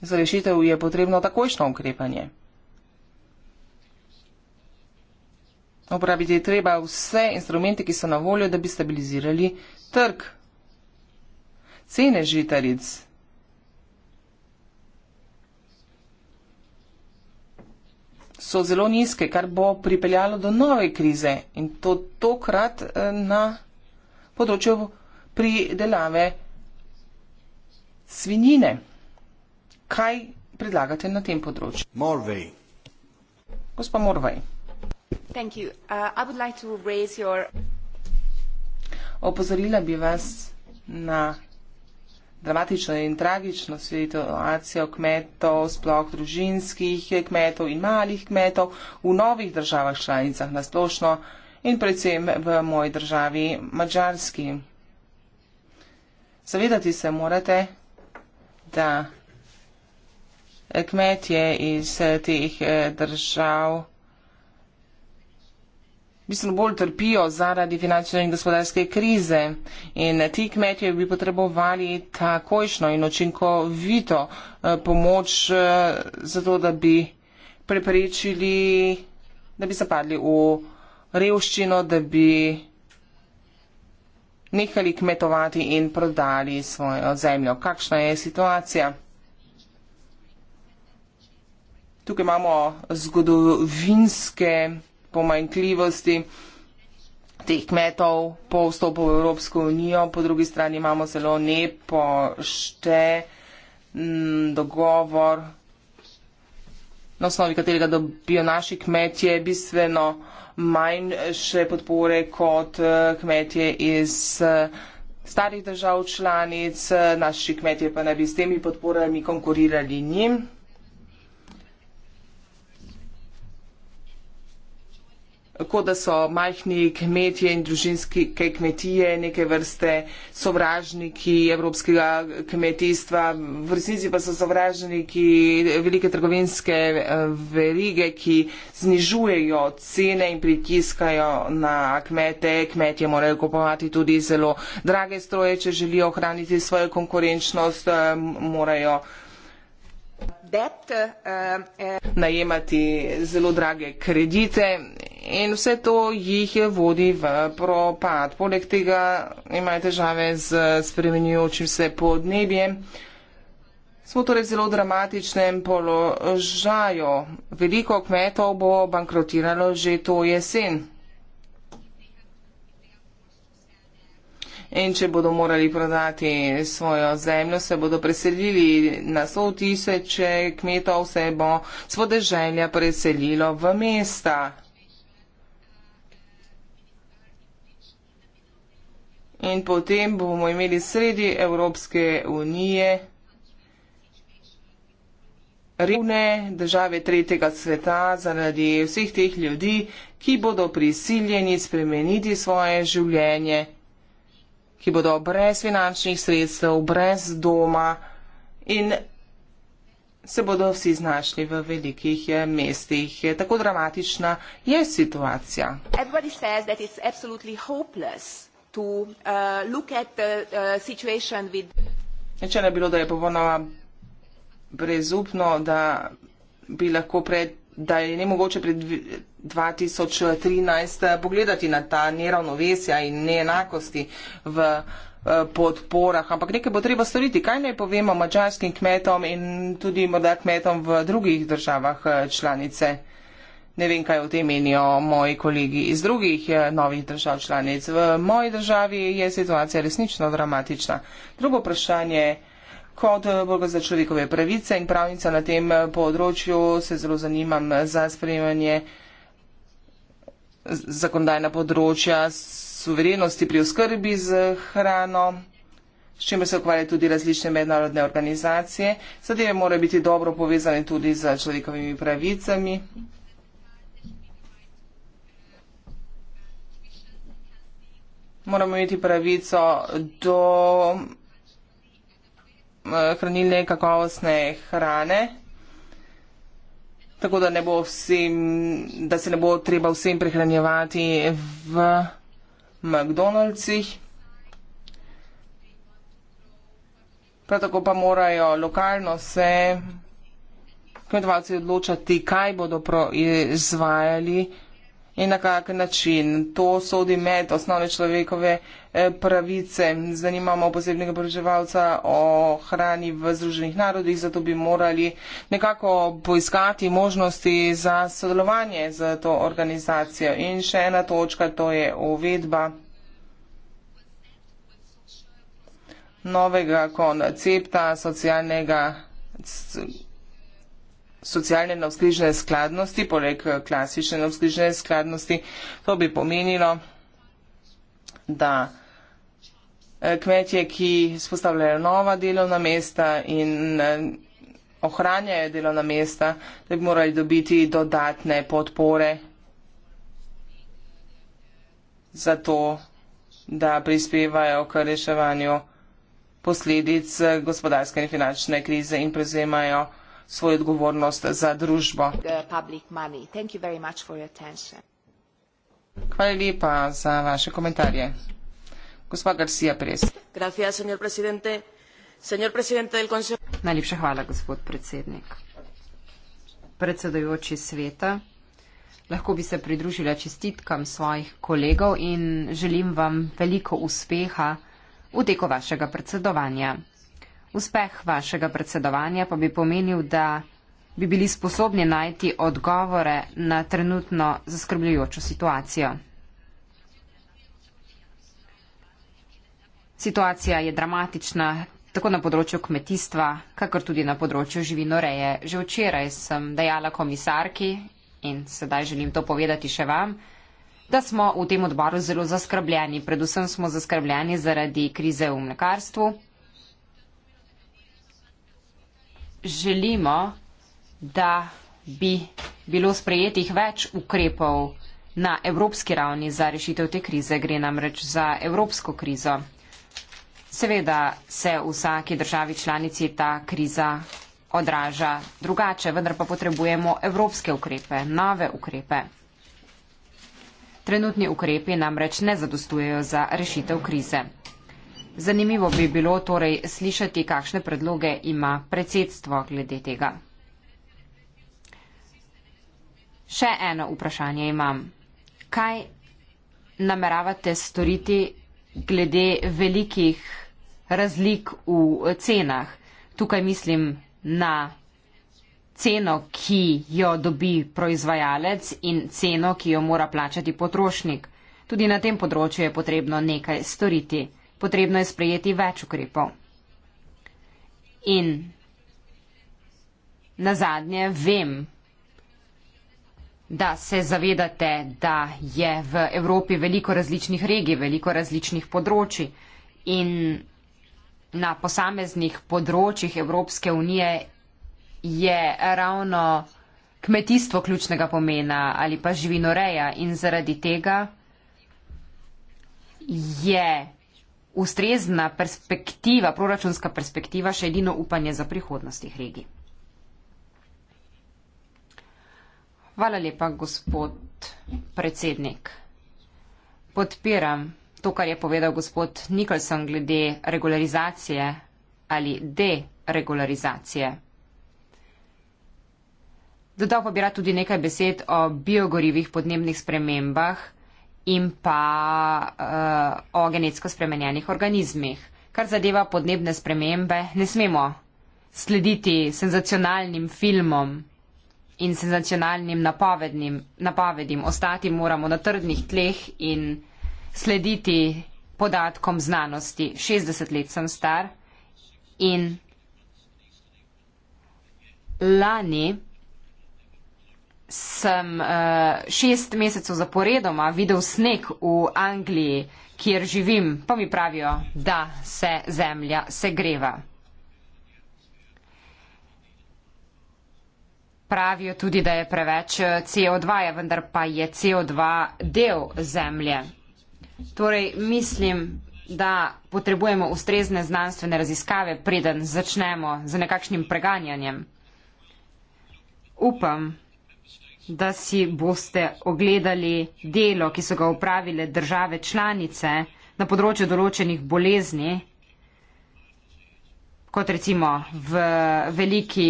Speaker 1: Za rešitev je potrebno takojšno ukrepanje. Uporabiti je treba vse instrumente, ki so na voljo, da bi stabilizirali trg. Cene žitaric so zelo nizke, kar bo pripeljalo do nove krize in to tokrat eh, na področju pridelave svinjine. Kaj predlagate na tem področju? Morvej. Gospa Morvej.
Speaker 2: Uh, like your...
Speaker 1: Opozorila bi vas na dramatično in tragično situacijo kmetov, sploh družinskih kmetov in malih kmetov v novih državah članicah na splošno in predvsem v moji državi Mačarski. Zavedati se morate, da kmetje iz teh eh, držav bistveno bolj trpijo zaradi finančne in gospodarske krize. In ti kmetje bi potrebovali takojšno in očinkovito eh, pomoč, eh, zato da bi preprečili, da bi zapadli v revščino, da bi nehali kmetovati in prodali svojo zemljo. Kakšna je situacija? Tukaj imamo zgodovinske pomanjkljivosti teh kmetov po vstopu v Evropsko unijo, po drugi strani imamo zelo nepošte dogovor, na osnovi katerega dobijo naši kmetje bistveno manjše podpore kot eh, kmetje iz eh, starih držav članic, naši kmetje pa naj bi s temi podporami konkurirali njim. kot da so majhni kmetje in družinske kmetije neke vrste sovražniki evropskega kmetijstva, v resnici pa so sovražniki velike trgovinske eh, verige, ki znižujejo cene in pritiskajo na kmete. Kmetje morajo kupovati tudi zelo drage stroje, če želijo ohraniti svojo konkurenčnost, eh, morajo.
Speaker 2: Eh,
Speaker 1: najemati zelo drage kredite in vse to jih vodi v propad. Poleg tega imajo težave z spremenjujočim se podnebjem. Smo torej v zelo dramatičnem položaju. Veliko kmetov bo bankrotiralo že to jesen. In če bodo morali prodati svojo zemljo, se bodo preselili na so tisoče kmetov, se bo svoje želje preselilo v mesta. In potem bomo imeli sredi Evropske unije revne države tretjega sveta zaradi vseh teh ljudi, ki bodo prisiljeni spremeniti svoje življenje, ki bodo brez finančnih sredstev, brez doma in se bodo vsi znašli v velikih eh, mestih. Tako dramatična je situacija
Speaker 2: to uh, look at the uh, situation with
Speaker 1: Če ne bilo, da je popolnoma brezupno, da bi lahko pred, da je ne mogoče pred 2013 eh, pogledati na ta neravnovesja in neenakosti v eh, podporah. Ampak nekaj bo treba storiti. Kaj naj povemo mačarskim kmetom in tudi morda kmetom v drugih državah eh, članice? Ne vem, kaj o tem menijo moji kolegi iz drugih eh, novih držav članic. V moji državi je situacija resnično dramatična. Drugo vprašanje. Kot eh, borga za človekove pravice in pravnica na tem eh, področju se zelo zanimam za sprejemanje zakondajna področja suverenosti pri oskrbi z hrano, s čimer se ukvarja tudi različne mednarodne organizacije. Zadeve morajo biti dobro povezane tudi z človekovimi pravicami. moramo imeti pravico do eh, hranilne kakovostne hrane, tako da, ne bo vsem, da se ne bo treba vsem prehranjevati v McDonald'sih. Prav tako pa morajo lokalno se kmetovalci odločati, kaj bodo proizvajali in na kak način. To sodi med osnovne človekove eh, pravice. Zanimamo posebnega poročevalca o hrani v Združenih narodih, zato bi morali nekako poiskati možnosti za sodelovanje z to organizacijo. In še ena točka, to je uvedba novega koncepta socialnega socialne navzkrižne skladnosti, poleg eh, klasične navzkrižne skladnosti. To bi pomenilo, da eh, kmetje, ki spostavljajo nova delovna mesta in eh, ohranjajo delovna mesta, da bi morali dobiti dodatne podpore za to, da prispevajo k reševanju posledic gospodarske in finančne krize in prezemajo svojo odgovornost za družbo. Hvala lepa za vaše komentarje. Gospa Garcia Pres.
Speaker 2: Najlepša hvala, gospod predsednik. Predsedujoči sveta, lahko bi se pridružila čestitkam svojih kolegov in želim vam veliko uspeha v teku vašega predsedovanja. Uspeh vašega predsedovanja pa bi pomenil, da bi bili sposobni najti odgovore na trenutno zaskrbljujočo situacijo. Situacija je dramatična tako na področju kmetijstva, kakor tudi na področju živinoreje. Že včeraj sem dejala komisarki in sedaj želim to povedati še vam, da smo v tem odboru zelo zaskrbljeni. Predvsem smo zaskrbljeni zaradi krize v mlekarstvu želimo, da bi bilo sprejetih več ukrepov na evropski ravni za rešitev te krize. Gre namreč za evropsko krizo. Seveda se v vsaki državi članici ta kriza odraža drugače, vendar pa potrebujemo evropske ukrepe, nove ukrepe. Trenutni ukrepi namreč ne zadostujejo za rešitev krize. Zanimivo bi bilo torej slišati, kakšne predloge ima predsedstvo glede tega. Še eno vprašanje imam. Kaj nameravate storiti glede velikih razlik v cenah? Tukaj mislim na ceno, ki jo dobi proizvajalec in ceno, ki jo mora plačati potrošnik. Tudi na tem področju je potrebno nekaj storiti potrebno je sprejeti več ukrepov. In na zadnje vem, da se zavedate, da je v Evropi veliko različnih regij, veliko različnih področji in na posameznih področjih Evropske unije je ravno kmetijstvo ključnega pomena ali pa živinoreja in zaradi tega je ustrezna perspektiva, proračunska perspektiva še edino upanje za prihodnostih regij. Hvala lepa, gospod predsednik. Podpiram to, kar je povedal gospod Nikolson glede regularizacije ali deregularizacije. Dodal pa bi rad tudi nekaj besed o biogorivih podnebnih spremembah in pa uh, o genetsko spremenjenih organizmih. Kar zadeva podnebne spremembe, ne smemo slediti senzacionalnim filmom in senzacionalnim napovedim. Ostati moramo na trdnih tleh in slediti podatkom znanosti. 60 let sem star in lani sem uh, šest mesecev zaporedoma videl sneg v Angliji, kjer živim, pa mi pravijo, da se zemlja segreva. Pravijo tudi, da je preveč eh, CO2, -ja, vendar pa je CO2 del zemlje. Torej, mislim, da potrebujemo ustrezne znanstvene raziskave, preden začnemo z nekakšnim preganjanjem. Upam, da si boste ogledali delo, ki so ga upravile države članice na področju določenih bolezni, kot recimo v Veliki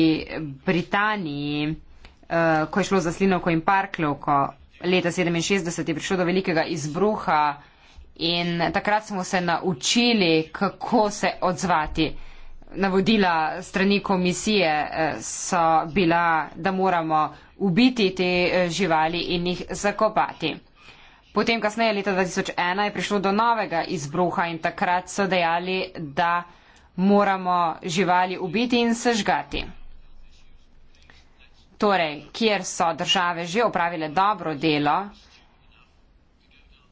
Speaker 2: Britaniji, eh, ko je šlo za slinovko in parklovko. Leta 67 je prišlo do velikega izbruha in takrat smo se naučili, kako se odzvati navodila strani komisije eh, so bila, da moramo ubiti te eh, živali in jih zakopati. Potem kasneje, leta 2001, je prišlo do novega izbruha in takrat so dejali, da moramo živali ubiti in sežgati. Torej, kjer so države že opravile dobro delo,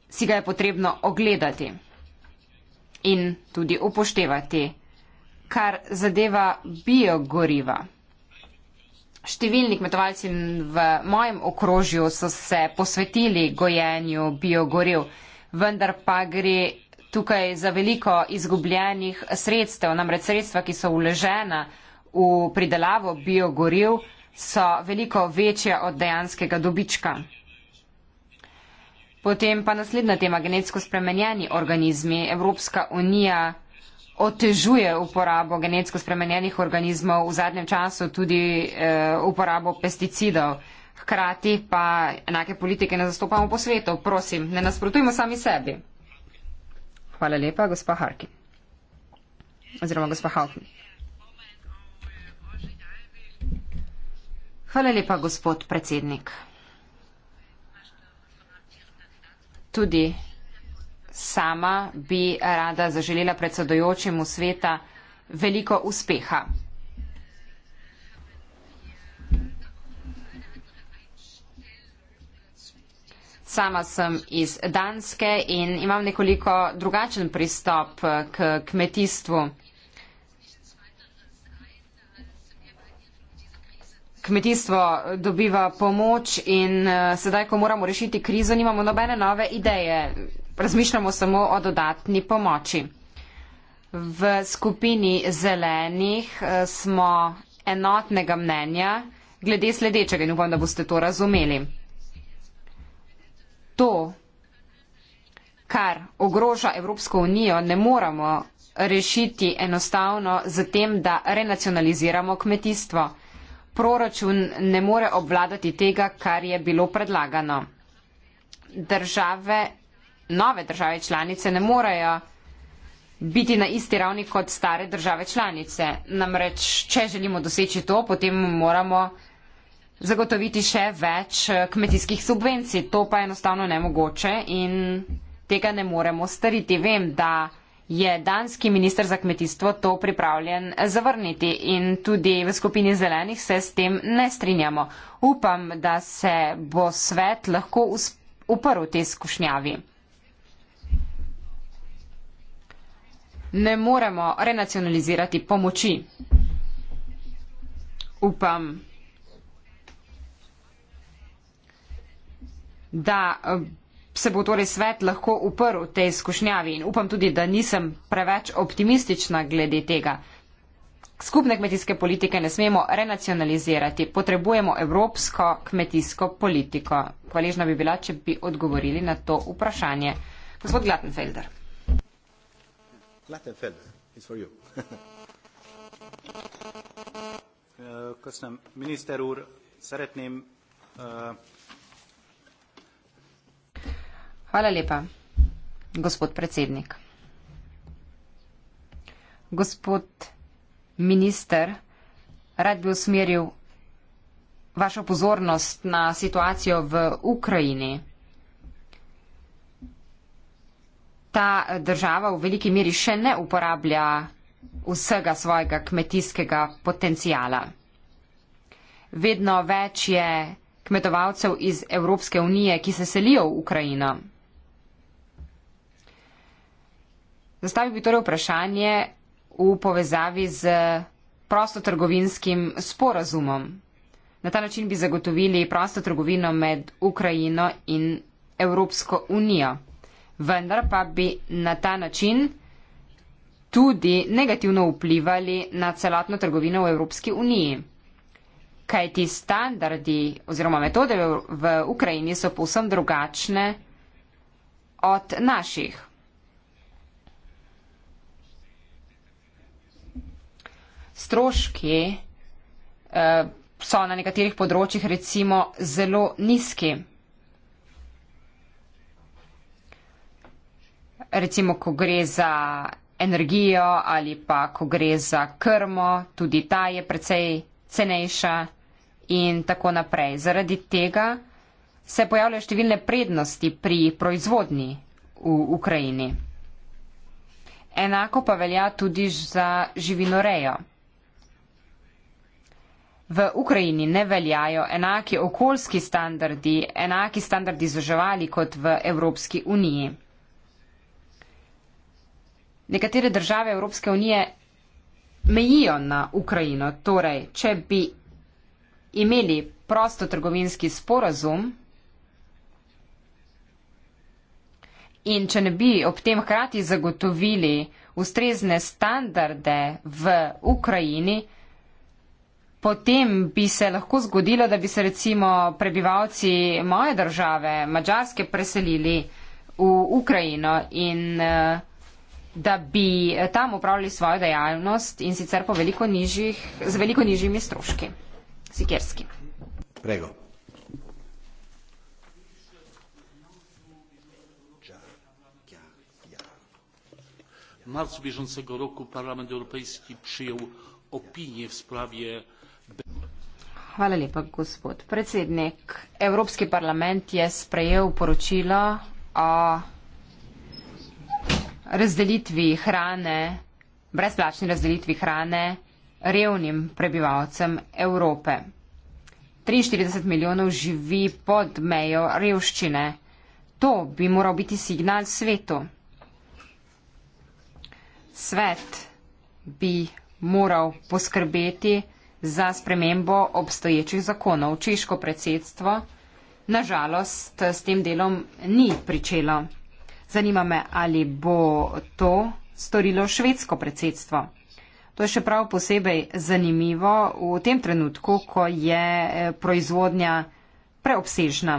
Speaker 2: si ga je potrebno ogledati in tudi upoštevati kar zadeva biogoriva. Številni kmetovalci v mojem okrožju so se posvetili gojenju biogoriv, vendar pa gre tukaj za veliko izgubljenih sredstev, namreč sredstva, ki so uležena v pridelavo biogoriv, so veliko večja od dejanskega dobička. Potem pa naslednja tema, genetsko spremenjeni organizmi. Evropska unija otežuje uporabo genetsko spremenjenih organizmov, v zadnjem času tudi eh, uporabo pesticidov. Hkrati pa enake politike ne zastopamo po svetu. Prosim, ne nasprotujmo sami sebi. Hvala lepa, gospa Harkin. Oziroma, gospa Haufen. Hvala lepa, gospod predsednik. Tudi sama bi rada zaželela predsedojočemu sveta veliko uspeha. Sama sem iz Danske in imam nekoliko drugačen pristop k kmetijstvu. Kmetijstvo dobiva pomoč in eh, sedaj, ko moramo rešiti krizo, nimamo nobene nove ideje razmišljamo samo o dodatni pomoči. V skupini zelenih eh, smo enotnega mnenja glede sledečega in upam, da boste to razumeli. To, kar ogroža Evropsko unijo, ne moramo rešiti enostavno z tem, da renacionaliziramo kmetijstvo. Proračun ne more obvladati tega, kar je bilo predlagano. Države nove države članice ne morejo biti na isti ravni kot stare države članice. Namreč, če želimo doseči to, potem moramo zagotoviti še več eh, kmetijskih subvencij. To pa je enostavno nemogoče in tega ne moremo stariti. Vem, da je danski minister za kmetijstvo to pripravljen zavrniti in tudi v skupini zelenih se s tem ne strinjamo. Upam, da se bo svet lahko uprl te skušnjavi. ne moremo renacionalizirati pomoči. Upam, da eh, se bo torej svet lahko uprl tej skušnjavi in upam tudi, da nisem preveč optimistična glede tega. Skupne kmetijske politike ne smemo renacionalizirati, potrebujemo evropsko kmetijsko politiko. Hvaležna bi bila, če bi odgovorili na to vprašanje. Gospod Glattenfelder. Latin fellow, it's for you. [LAUGHS] Eh, köszönöm. Miniszter úr, szeretném... Uh... Hvala lepa, gospod predsednik. Gospod minister, rad bi usmeril vašo pozornost na situacijo v Ukrajini. ta država v veliki meri še ne uporablja vsega svojega kmetijskega potencijala. Vedno več je kmetovalcev iz Evropske unije, ki se selijo v Ukrajino. Zastavil bi torej vprašanje v povezavi z prostotrgovinskim sporazumom. Na ta način bi zagotovili prosto trgovino med Ukrajino in Evropsko unijo vendar pa bi na ta način tudi negativno vplivali na celotno trgovino v Evropski uniji. Kaj ti standardi oziroma metode v Ukrajini so povsem drugačne od naših. Stroški eh, so na nekaterih področjih recimo zelo nizki. recimo, ko gre za energijo ali pa ko gre za krmo, tudi ta je precej cenejša in tako naprej. Zaradi tega se pojavljajo številne prednosti pri proizvodni v Ukrajini. Enako pa velja tudi za živinorejo. V Ukrajini ne veljajo enaki okoljski standardi, enaki standardi za živali kot v Evropski uniji. Nekatere države Evropske unije mejijo na Ukrajino, torej, če bi imeli prostotrgovinski sporazum in če ne bi ob tem hkrati zagotovili ustrezne standarde v Ukrajini, potem bi se lahko zgodilo, da bi se recimo prebivalci moje države, Mačarske, preselili v Ukrajino in uh, da bi eh, tam upravljali svojo dejavnost in sicer veliko nižjih, z veliko nižjimi stroški. Sikerski. Prego. Marc bieżącego roku
Speaker 1: Parlament Europejski przyjął opinię w sprawie.
Speaker 2: Hvala lepa, gospod predsednik. Evropski parlament je sprejel poročilo o razdelitvi hrane, brezplačni razdelitvi hrane revnim prebivalcem Evrope. 43 milijonov živi pod mejo revščine. To bi moral biti signal svetu. Svet bi moral poskrbeti za spremembo obstoječih zakonov. Češko predsedstvo nažalost s tem delom ni pričelo. Zanima me, ali bo to storilo švedsko predsedstvo. To je še prav posebej zanimivo v tem trenutku, ko je eh, proizvodnja preobsežna.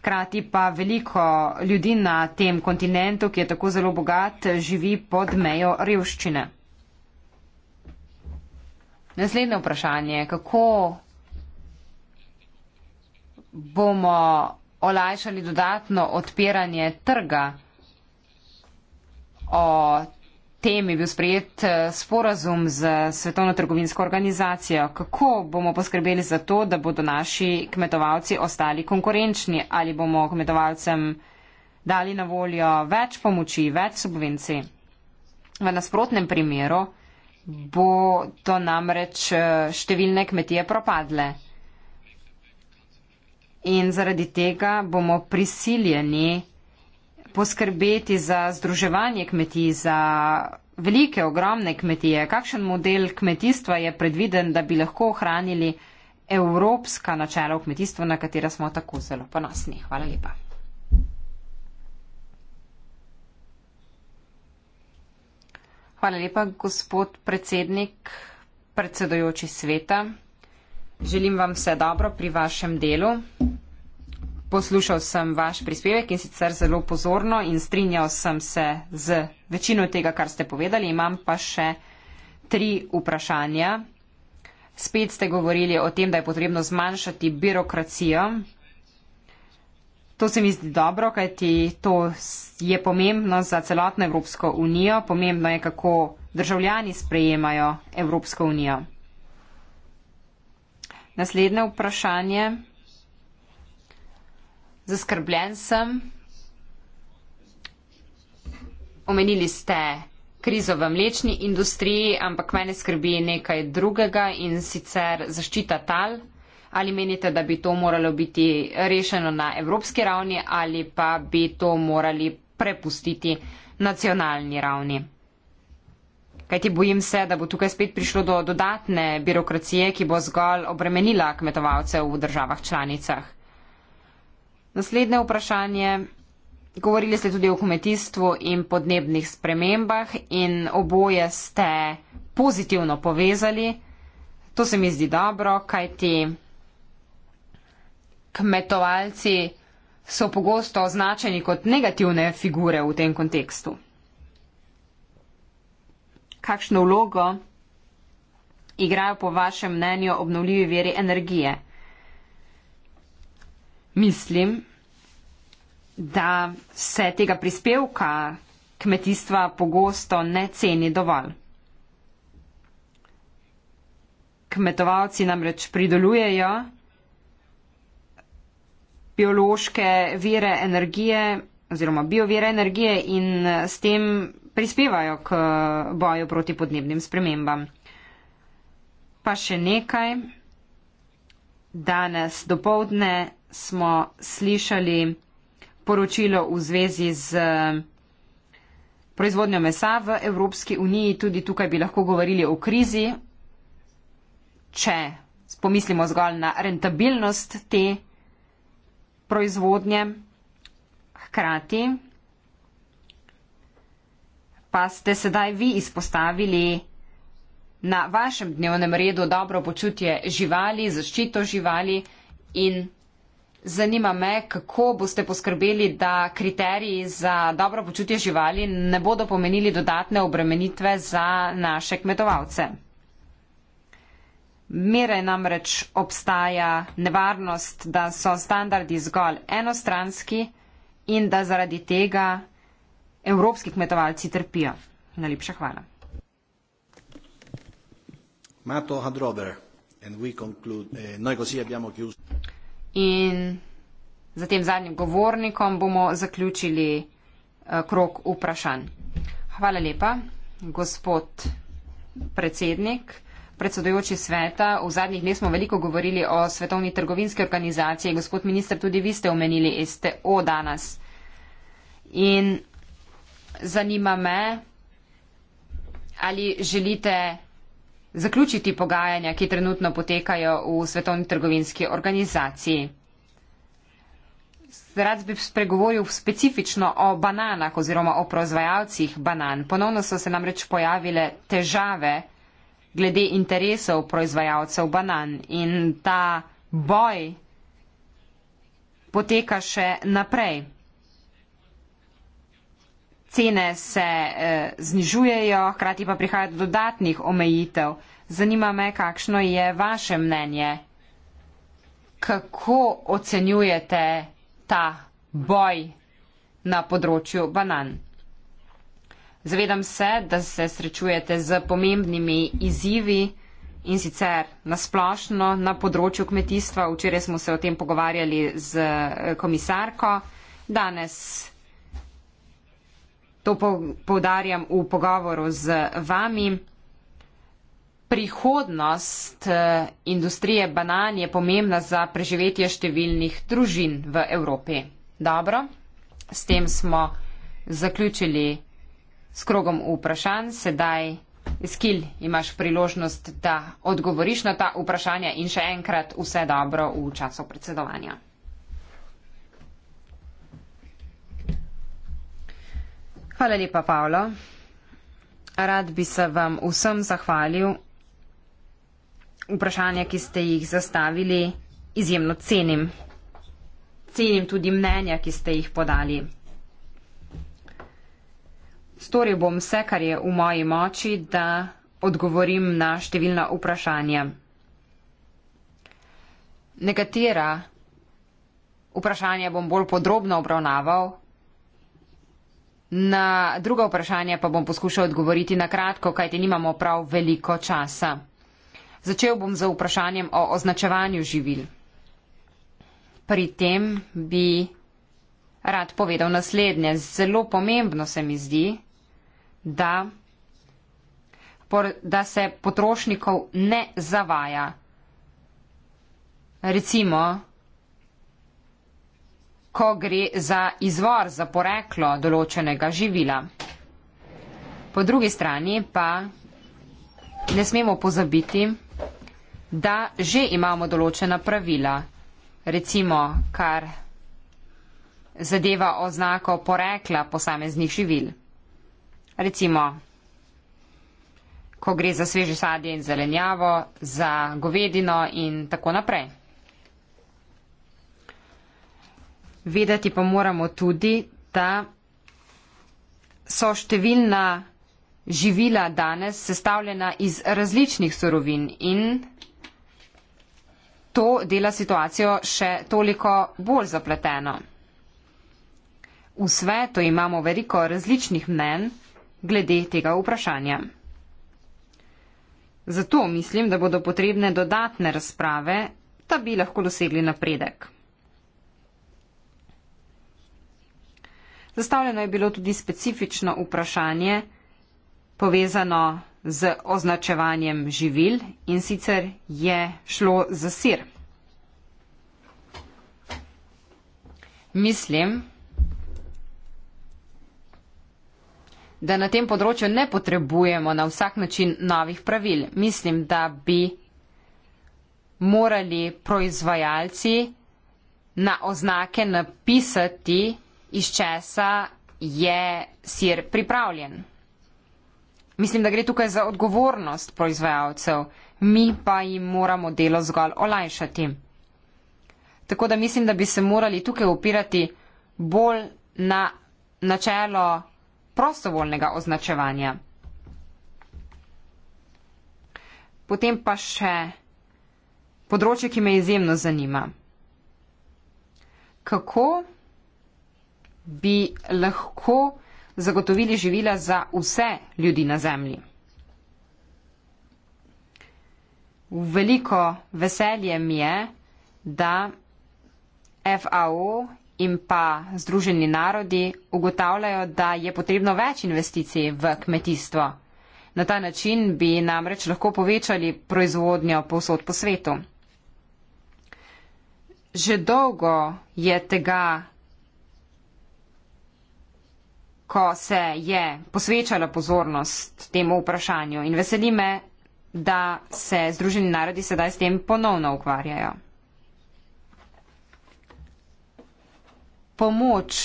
Speaker 2: Hkrati pa veliko ljudi na tem kontinentu, ki je tako zelo bogat, živi pod mejo revščine. Naslednje vprašanje, kako bomo olajšali dodatno odpiranje trga. O tem je bil sprejet eh, sporazum z Svetovno trgovinsko organizacijo. Kako bomo poskrbeli za to, da bodo naši kmetovalci ostali konkurenčni? Ali bomo kmetovalcem dali na voljo več pomoči, več subvencij? V nasprotnem primeru bo to namreč eh, številne kmetije propadle in zaradi tega bomo prisiljeni poskrbeti za združevanje kmetij, za velike, ogromne kmetije. Kakšen model kmetijstva je predviden, da bi lahko ohranili evropska načela v kmetijstvu, na katera smo tako zelo ponosni. Hvala lepa. Hvala lepa, gospod predsednik, predsedojoči sveta. Želim vam vse dobro pri vašem delu. Poslušal sem vaš prispevek in sicer zelo pozorno in strinjal sem se z večino tega, kar ste povedali. Imam pa še tri vprašanja. Spet ste govorili o tem, da je potrebno zmanjšati birokracijo. To se mi zdi dobro, kajti to je pomembno za celotno Evropsko unijo. Pomembno je, kako državljani sprejemajo Evropsko unijo. Naslednje vprašanje. Zaskrbljen sem. Omenili ste krizo v mlečni industriji, ampak mene skrbi nekaj drugega in sicer zaščita tal. Ali menite, da bi to moralo biti rešeno na evropski ravni ali pa bi to morali prepustiti nacionalni ravni? Kajti bojim se, da bo tukaj spet prišlo do dodatne birokracije, ki bo zgolj obremenila kmetovalce v državah članicah. Naslednje vprašanje. Govorili ste tudi o kmetijstvu in podnebnih spremembah in oboje ste pozitivno povezali. To se mi zdi dobro, kajti kmetovalci so pogosto označeni kot negativne figure v tem kontekstu kakšno vlogo igrajo po vašem mnenju obnovljivi veri energije. Mislim, da se tega prispevka kmetijstva pogosto ne ceni dovolj. Kmetovalci namreč pridelujejo biološke vire energije oziroma biovire energije in s tem prispevajo k eh, boju proti podnebnim spremembam. Pa še nekaj. Danes dopoldne smo slišali poročilo v zvezi z eh, proizvodnjo mesa v Evropski uniji. Tudi tukaj bi lahko govorili o krizi, če pomislimo zgolj na rentabilnost te proizvodnje. Hkrati pa ste sedaj vi izpostavili na vašem dnevnem redu dobro počutje živali, zaščito živali in zanima me, kako boste poskrbeli, da kriteriji za dobro počutje živali ne bodo pomenili dodatne obremenitve za naše kmetovalce. Mere namreč obstaja nevarnost, da so standardi zgolj enostranski in da zaradi tega evropski kmetovalci trpijo. Najlepša hvala. Eh, In za tem zadnjim govornikom bomo zaključili eh, krok vprašanj. Hvala lepa, gospod predsednik, predsedojoči sveta. V zadnjih dneh smo veliko govorili o svetovni trgovinski organizaciji. Gospod minister, tudi vi ste omenili STO danes. In zanima me, ali želite zaključiti pogajanja, ki trenutno potekajo v Svetovni trgovinski organizaciji. Rad bi spregovoril specifično o bananah oziroma o proizvajalcih banan. Ponovno so se namreč pojavile težave glede interesov proizvajalcev banan in ta boj poteka še naprej cene se eh, znižujejo, hkrati pa prihaja do dodatnih omejitev. Zanima me, kakšno je vaše mnenje? Kako ocenjujete ta boj na področju banan? Zavedam se, da se srečujete z pomembnimi izzivi in sicer nasplošno na področju kmetijstva. Včeraj smo se o tem pogovarjali z eh, komisarko, danes to povdarjam v pogovoru z vami. Prihodnost eh, industrije banan je pomembna za preživetje številnih družin v Evropi. Dobro, s tem smo zaključili s krogom vprašanj. Sedaj, Skil, imaš priložnost, da odgovoriš na ta vprašanja in še enkrat vse dobro v času predsedovanja. Hvala lepa, Pavlo. Rad bi se vam vsem zahvalil. Vprašanja, ki ste jih zastavili, izjemno cenim. Cenim tudi mnenja, ki ste jih podali. Storil bom vse, kar je v moji moči, da odgovorim na številna vprašanja. Nekatera vprašanja bom bolj podrobno obravnaval Na druga vprašanja pa bom poskušal odgovoriti na kratko, kajti nimamo prav veliko časa. Začel bom z vprašanjem o označevanju živil. Pri tem bi rad povedal naslednje. Zelo pomembno se mi zdi, da, da se potrošnikov ne zavaja. Recimo, ko gre za izvor, za poreklo določenega živila. Po drugi strani pa ne smemo pozabiti, da že imamo določena pravila, recimo kar zadeva oznako porekla posameznih živil. Recimo, ko gre za sveže sadje in zelenjavo, za govedino in tako naprej. vedeti pa moramo tudi, da so številna živila danes sestavljena iz različnih sorovin in to dela situacijo še toliko bolj zapleteno. V svetu imamo veliko različnih mnen glede tega vprašanja. Zato mislim, da bodo potrebne dodatne razprave, da bi lahko dosegli napredek. Zastavljeno je bilo tudi specifično vprašanje povezano z označevanjem živil in sicer je šlo za sir. Mislim, da na tem področju ne potrebujemo na vsak način novih pravil. Mislim, da bi morali proizvajalci na oznake napisati, iz česa je sir pripravljen. Mislim, da gre tukaj za odgovornost proizvajalcev, mi pa jim moramo delo zgolj olajšati. Tako da mislim, da bi se morali tukaj upirati bolj na načelo prostovoljnega označevanja. Potem pa še področje, ki me izjemno zanima. Kako bi lahko zagotovili živila za vse ljudi na zemlji. Veliko veselje mi je, da FAO in pa Združeni narodi ugotavljajo, da je potrebno več investicij v kmetijstvo. Na ta način bi namreč lahko povečali proizvodnjo povsod po svetu. Že dolgo je tega ko se je posvečala pozornost temu vprašanju in veseli me, da se Združeni narodi sedaj s tem ponovno ukvarjajo. Pomoč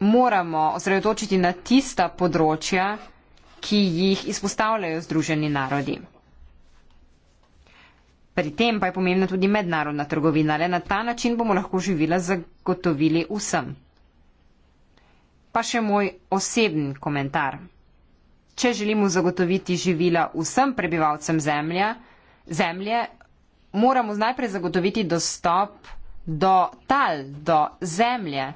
Speaker 2: moramo osredotočiti na tista področja, ki jih izpostavljajo Združeni narodi. Pri tem pa je pomembna tudi mednarodna trgovina, le na ta način bomo lahko živila zagotovili vsem pa še moj osebni komentar. Če želimo zagotoviti živila vsem prebivalcem zemlje, zemlje moramo najprej zagotoviti dostop do tal, do zemlje.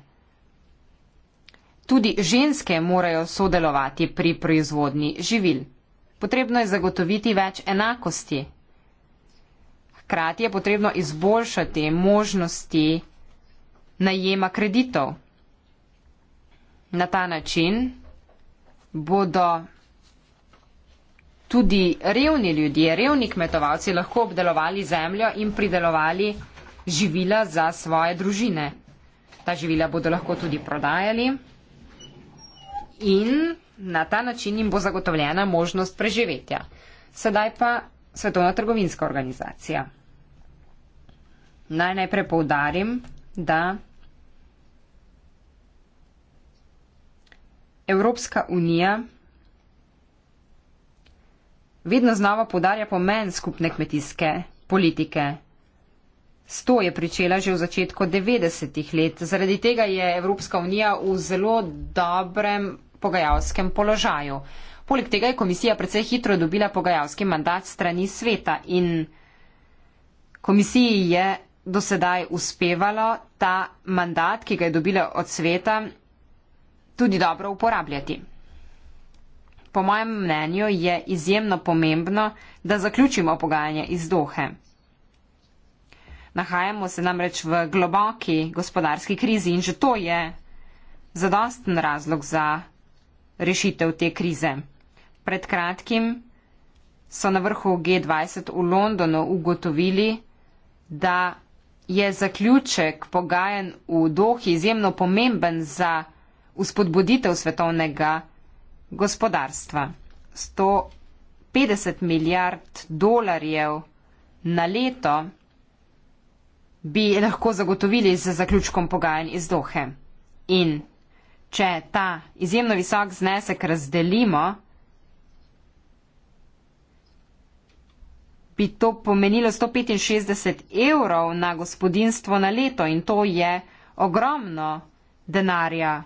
Speaker 2: Tudi ženske morajo sodelovati pri proizvodni živil. Potrebno je zagotoviti več enakosti. Hkrati je potrebno izboljšati možnosti najema kreditov na ta način bodo tudi revni ljudje, revni kmetovalci lahko obdelovali zemljo in pridelovali živila za svoje družine. Ta živila bodo lahko tudi prodajali in na ta način jim bo zagotovljena možnost preživetja. Sedaj pa Svetovna trgovinska organizacija. Naj najprej poudarim, da Evropska unija vedno znova podarja pomen skupne kmetijske politike. S to je pričela že v začetku 90-ih let. Zaradi tega je Evropska unija v zelo dobrem pogajalskem položaju. Poleg tega je komisija precej hitro dobila pogajalski mandat strani sveta in komisiji je dosedaj uspevalo ta mandat, ki ga je dobila od sveta, tudi dobro uporabljati. Po mojem mnenju je izjemno pomembno, da zaključimo pogajanje iz Dohe. Nahajamo se namreč v globoki gospodarski krizi in že to je zadosten razlog za rešitev te krize. Pred kratkim so na vrhu G20 v Londonu ugotovili, da je zaključek pogajen v Dohi izjemno pomemben za vzpodboditev svetovnega gospodarstva. 150 milijard dolarjev na leto bi lahko zagotovili z zaključkom pogajanj iz Dohe. In če ta izjemno visok znesek razdelimo, bi to pomenilo 165 evrov na gospodinstvo na leto in to je ogromno denarja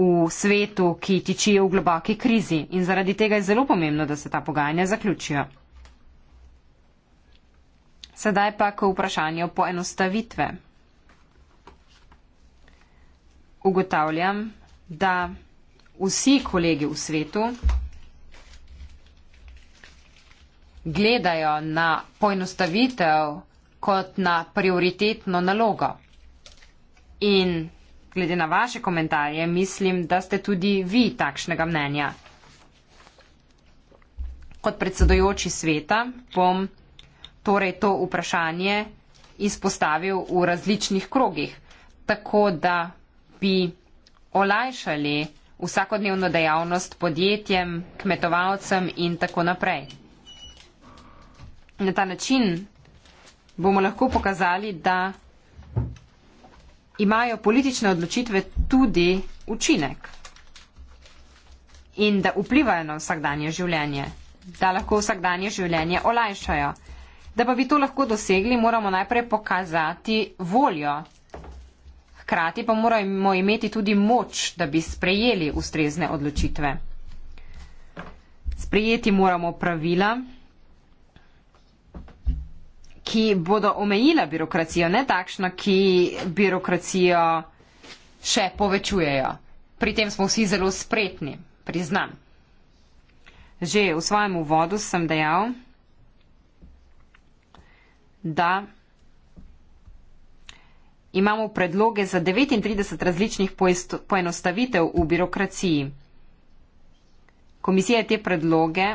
Speaker 2: v svetu, ki tičijo v globoki krizi in zaradi tega je zelo pomembno, da se ta pogajanja zaključijo. Sedaj pa k vprašanju poenostavitve. Ugotavljam, da vsi kolegi v svetu gledajo na poenostavitev kot na prioritetno nalogo. In glede na vaše komentarje, mislim, da ste tudi vi takšnega mnenja. Kot predsedojoči sveta bom torej to vprašanje izpostavil v različnih krogih, tako da bi olajšali vsakodnevno dejavnost podjetjem, kmetovalcem in tako naprej. Na ta način bomo lahko pokazali, da imajo politične odločitve tudi učinek in da vplivajo na vsakdanje življenje, da lahko vsakdanje življenje olajšajo. Da pa bi to lahko dosegli, moramo najprej pokazati voljo. Hkrati pa moramo imeti tudi moč, da bi sprejeli ustrezne odločitve. Sprejeti moramo pravila, ki bodo omejila birokracijo, ne takšna, ki birokracijo še povečujejo. Pri tem smo vsi zelo spretni, priznam. Že v svojem uvodu sem dejal, da imamo predloge za 39 različnih poenostavitev v birokraciji. Komisija je te predloge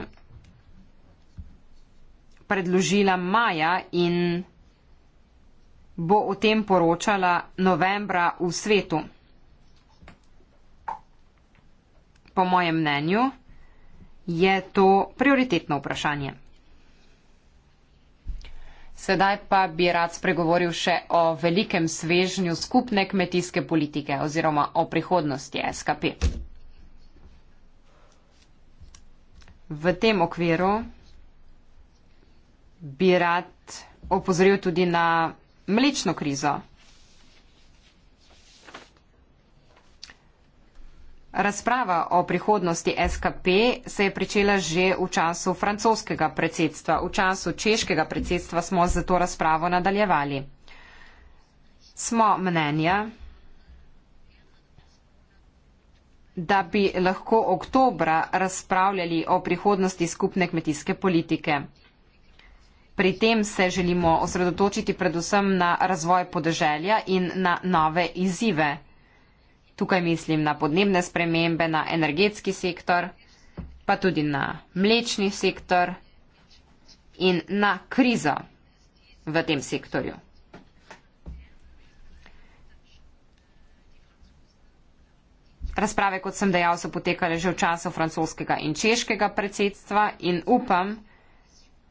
Speaker 2: predložila maja in bo o tem poročala novembra v svetu. Po mojem mnenju je to prioritetno vprašanje. Sedaj pa bi rad spregovoril še o velikem svežnju skupne kmetijske politike oziroma o prihodnosti SKP. V tem okviru bi rad opozoril tudi na mlečno krizo. Razprava o prihodnosti SKP se je pričela že v času francoskega predsedstva. V času češkega predsedstva smo za to razpravo nadaljevali. Smo mnenja, da bi lahko oktobra razpravljali o prihodnosti skupne kmetijske politike. Pri tem se želimo osredotočiti predvsem na razvoj podeželja in na nove izzive. Tukaj mislim na podnebne spremembe, na energetski sektor, pa tudi na mlečni sektor in na krizo v tem sektorju. Razprave, kot sem dejal, so potekale že v času francoskega in češkega predsedstva in upam,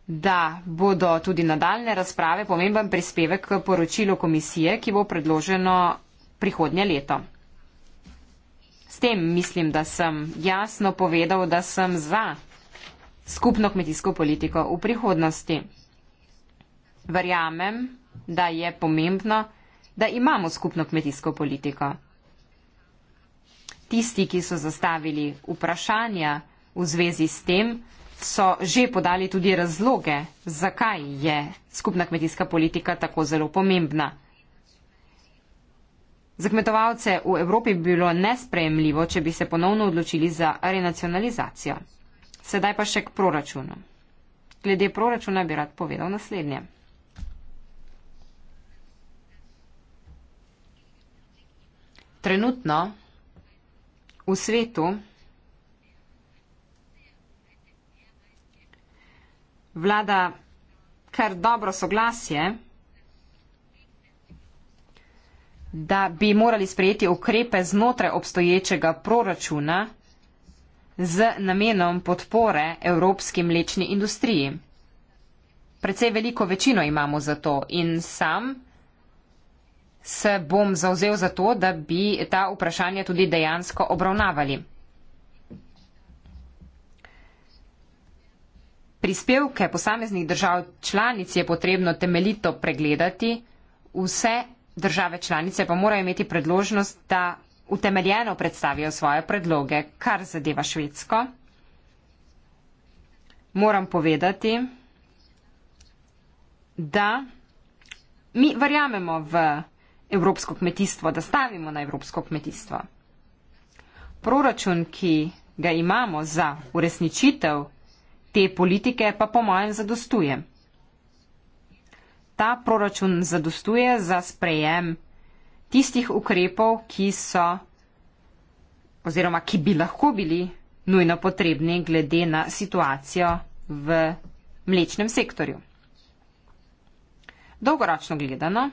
Speaker 2: da bodo tudi nadaljne razprave pomemben prispevek k poročilu komisije, ki bo predloženo prihodnje leto. S tem mislim, da sem jasno povedal, da sem za skupno kmetijsko politiko v prihodnosti. Verjamem, da je pomembno, da imamo skupno kmetijsko politiko. Tisti, ki so zastavili vprašanja v zvezi s tem, so že podali tudi razloge, zakaj je skupna kmetijska politika tako zelo pomembna. Za kmetovalce v Evropi bi bilo nesprejemljivo, če bi se ponovno odločili za renacionalizacijo. Sedaj pa še k proračunu. Glede proračuna bi rad povedal naslednje. Trenutno v svetu vlada kar dobro soglasje, da bi morali sprejeti ukrepe znotraj obstoječega proračuna z namenom podpore evropski mlečni industriji. Predvsej veliko večino imamo za to in sam se bom zauzel za to, da bi ta vprašanja tudi dejansko obravnavali. Prispevke posameznih držav članic je potrebno temeljito pregledati, vse države članice pa morajo imeti predložnost, da utemeljeno predstavijo svoje predloge, kar zadeva Švedsko. Moram povedati, da mi verjamemo v evropsko kmetijstvo, da stavimo na evropsko kmetijstvo. Proračun, ki ga imamo za uresničitev Te politike pa po mojem zadostuje. Ta proračun zadostuje za sprejem tistih ukrepov, ki so oziroma ki bi lahko bili nujno potrebni glede na situacijo v mlečnem sektorju. Dolgoročno gledano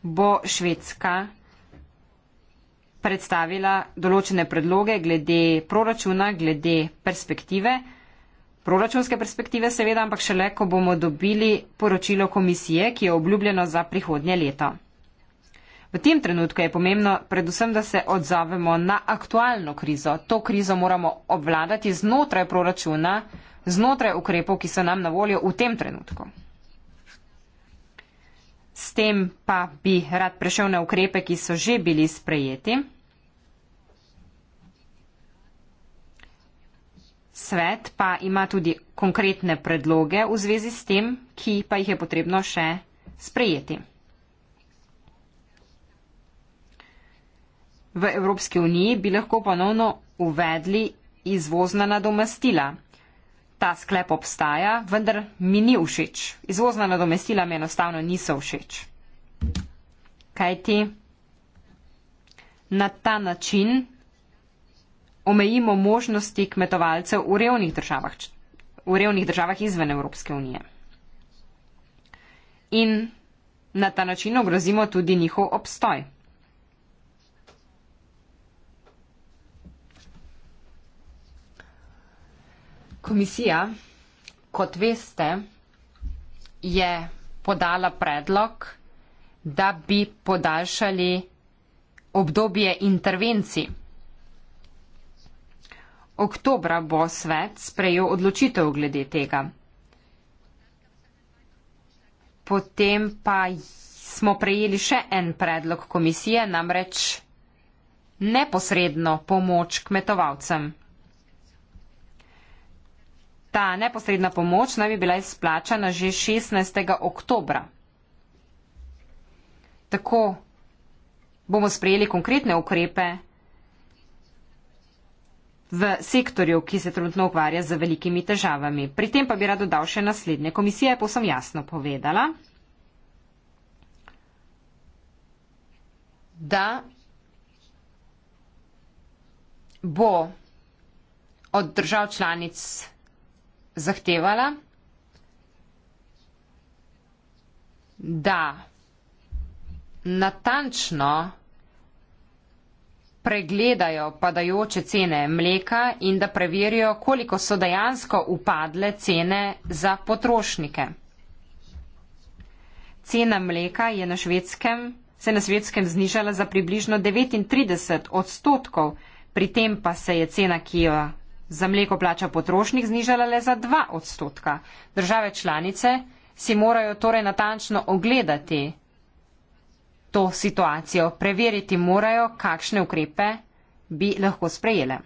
Speaker 2: bo Švedska predstavila določene predloge glede proračuna, glede perspektive, proračunske perspektive seveda, ampak šele, ko bomo dobili poročilo komisije, ki je obljubljeno za prihodnje leto. V tem trenutku je pomembno predvsem, da se odzovemo na aktualno krizo. To krizo moramo obvladati znotraj proračuna, znotraj ukrepov, ki so nam na voljo v tem trenutku. S tem pa bi rad prešel na ukrepe, ki so že bili sprejeti. Svet pa ima tudi konkretne predloge v zvezi s tem, ki pa jih je potrebno še sprejeti. V Evropski uniji bi lahko ponovno uvedli izvozna nadomestila. Ta sklep obstaja, vendar mi ni všeč. Izvozna nadomestila mi enostavno niso všeč. Kaj ti? Na ta način omejimo možnosti kmetovalcev v revnih državah, v revnih državah izven Evropske unije. In na ta način ogrozimo tudi njihov obstoj. Komisija, kot veste, je podala predlog, da bi podaljšali obdobje intervencij Oktobra bo svet sprejel odločitev glede tega. Potem pa smo prejeli še en predlog komisije, namreč neposredno pomoč kmetovalcem. Ta neposredna pomoč naj bi bila izplačana že 16. oktobra. Tako bomo sprejeli konkretne ukrepe v sektorju, ki se trenutno ukvarja z velikimi težavami. Pri tem pa bi rad dodal še naslednje. Komisija je posem jasno povedala, da bo od držav članic zahtevala, da natančno pregledajo padajoče cene mleka in da preverijo, koliko so dejansko upadle cene za potrošnike. Cena mleka je na švedskem, se je na švedskem znižala za približno 39 odstotkov, pri tem pa se je cena, ki jo za mleko plača potrošnik, znižala le za 2 odstotka. Države članice si morajo torej natančno ogledati to situacijo, preveriti morajo, kakšne ukrepe bi lahko sprejele.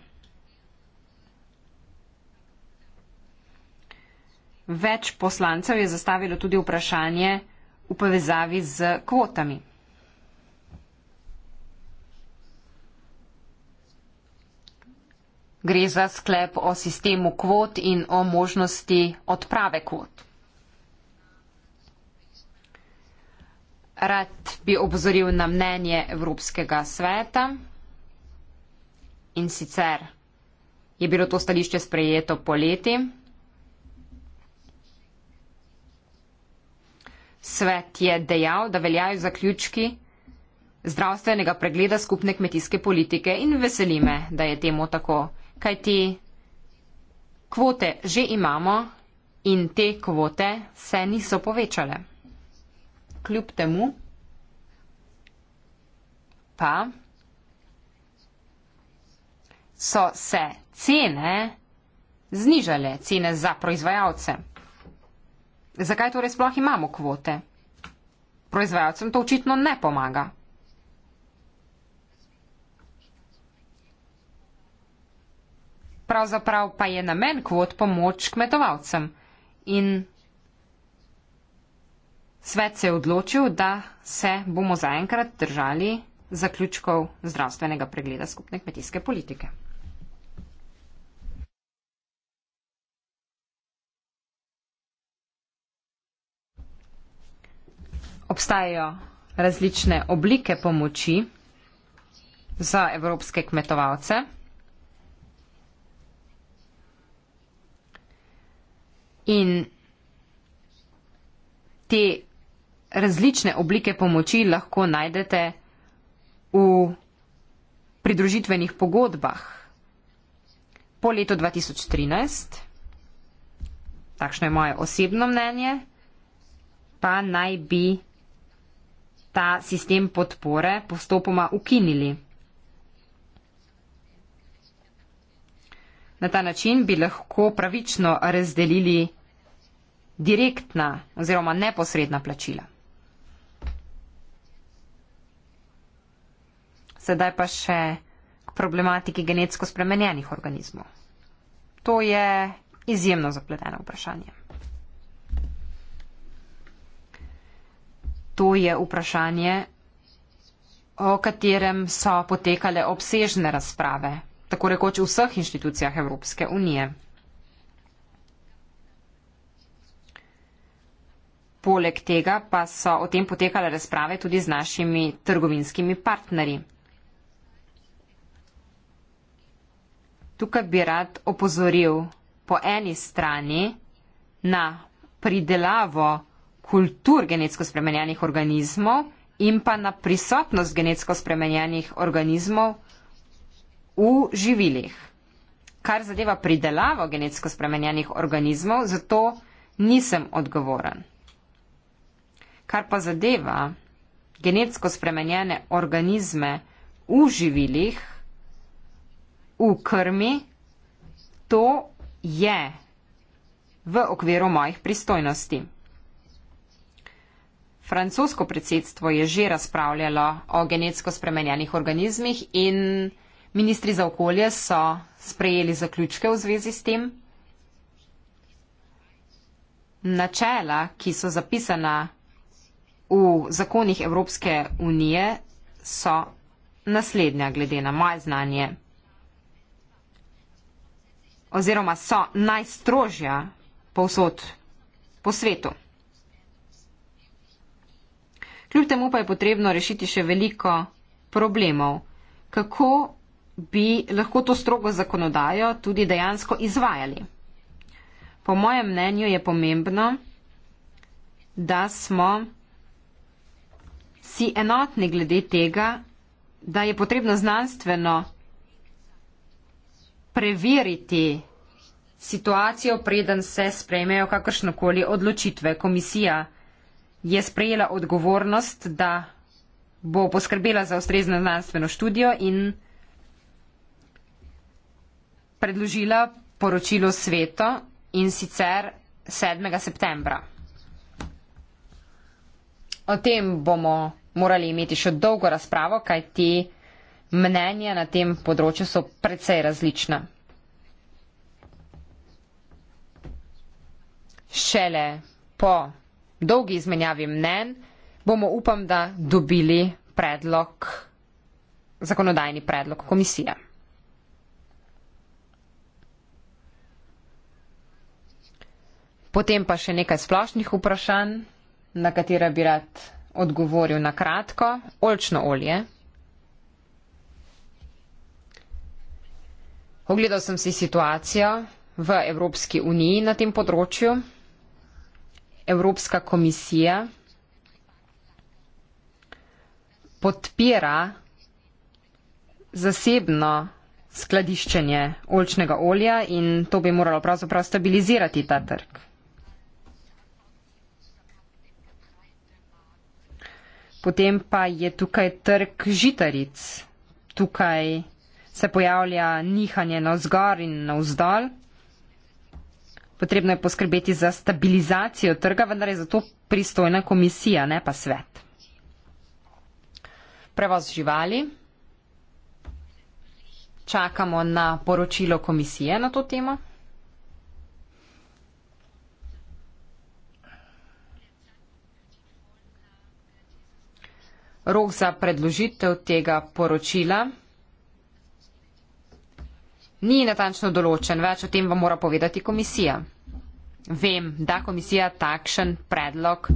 Speaker 2: Več poslancev je zastavilo tudi vprašanje v povezavi z kvotami. Gre za sklep o sistemu kvot in o možnosti odprave kvot. rad bi obozoril na mnenje Evropskega sveta in sicer je bilo to stališče sprejeto poleti. Svet je dejal, da veljajo zaključki zdravstvenega pregleda skupne kmetijske politike in veseli me, da je temu tako, kaj ti kvote že imamo in te kvote se niso povečale kljub temu pa so se cene znižale, cene za proizvajalce. Zakaj torej sploh imamo kvote? Proizvajalcem to očitno ne pomaga. Pravzaprav pa je namen kvot pomoč kmetovalcem in kmetovalcem. Svet se je odločil, da se bomo zaenkrat držali zaključkov zdravstvenega pregleda skupne kmetijske politike. Obstajajo različne oblike pomoči za evropske kmetovalce. In te različne oblike pomoči lahko najdete v pridružitvenih pogodbah. Po letu 2013, takšno je moje osebno mnenje, pa naj bi ta sistem podpore postopoma ukinili. Na ta način bi lahko pravično razdelili direktna oziroma neposredna plačila. Sedaj pa še k problematiki genetsko spremenjenih organizmov. To je izjemno zapleteno vprašanje. To je vprašanje, o katerem so potekale obsežne razprave, tako rekoč v vseh inštitucijah Evropske unije. Poleg tega pa so o tem potekale razprave tudi z našimi trgovinskimi partnerji. tukaj bi rad opozoril po eni strani na pridelavo kultur genetsko spremenjenih organizmov in pa na prisotnost genetsko spremenjenih organizmov v živilih. Kar zadeva pridelavo genetsko spremenjenih organizmov, zato nisem odgovoren. Kar pa zadeva genetsko spremenjene organizme v živilih, v krmi, to je v okviru mojih pristojnosti. Francosko predsedstvo je že razpravljalo o genetsko spremenjenih organizmih in ministri za okolje so sprejeli zaključke v zvezi s tem. Načela, ki so zapisana v zakonih Evropske unije, so naslednja glede na moje znanje oziroma so najstrožja povsod po svetu. Kljub temu pa je potrebno rešiti še veliko problemov, kako bi lahko to strogo zakonodajo tudi dejansko izvajali. Po mojem mnenju je pomembno, da smo si enotni glede tega, da je potrebno znanstveno preveriti situacijo, preden se sprejmejo kakršnokoli odločitve. Komisija je sprejela odgovornost, da bo poskrbela za ustrezno znanstveno študijo in predložila poročilo sveto in sicer 7. septembra. O tem bomo morali imeti še dolgo razpravo, kajti mnenja na tem področju so precej različna. Šele po dolgi izmenjavi mnen bomo upam, da dobili predlog, zakonodajni predlog komisije. Potem pa še nekaj splošnih vprašanj, na katera bi rad odgovoril na kratko. Olčno olje. Pogledal sem si situacijo v Evropski uniji na tem področju. Evropska komisija podpira zasebno skladiščenje olčnega olja in to bi moralo pravzaprav stabilizirati ta trg. Potem pa je tukaj trg žitaric. Tukaj se pojavlja nihanje navzgor in navzdol. Potrebno je poskrbeti za stabilizacijo trga, vendar je zato pristojna komisija, ne pa svet. Prevoz živali. Čakamo na poročilo komisije na to temo. Rok za predložitev tega poročila ni natančno določen, več o tem vam mora povedati komisija. Vem, da komisija takšen predlog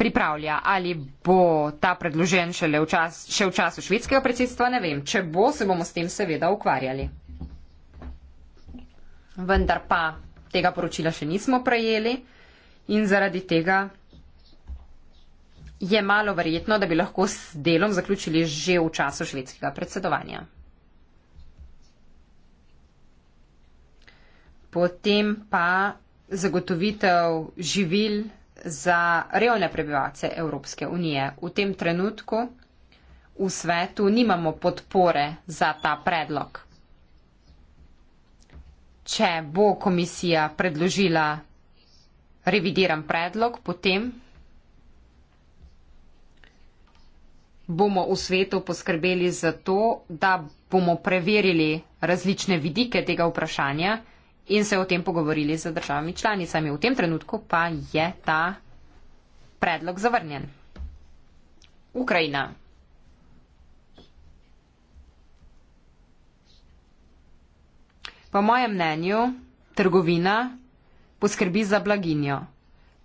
Speaker 2: pripravlja. Ali bo ta predložen šele v čas, še v času švedskega predsedstva, ne vem. Če bo, se bomo s tem seveda ukvarjali. Vendar pa tega poročila še nismo prejeli in zaradi tega je malo verjetno, da bi lahko s delom zaključili že v času švedskega predsedovanja. potem pa zagotovitev živil za revne prebivalce Evropske unije. V tem trenutku v svetu nimamo podpore za ta predlog. Če bo komisija predložila revidiran predlog, potem bomo v svetu poskrbeli za to, da bomo preverili različne vidike tega vprašanja in se o tem pogovorili z državami članicami. V tem trenutku pa je ta predlog zavrnjen. Ukrajina. Po mojem mnenju, trgovina poskrbi za blaginjo.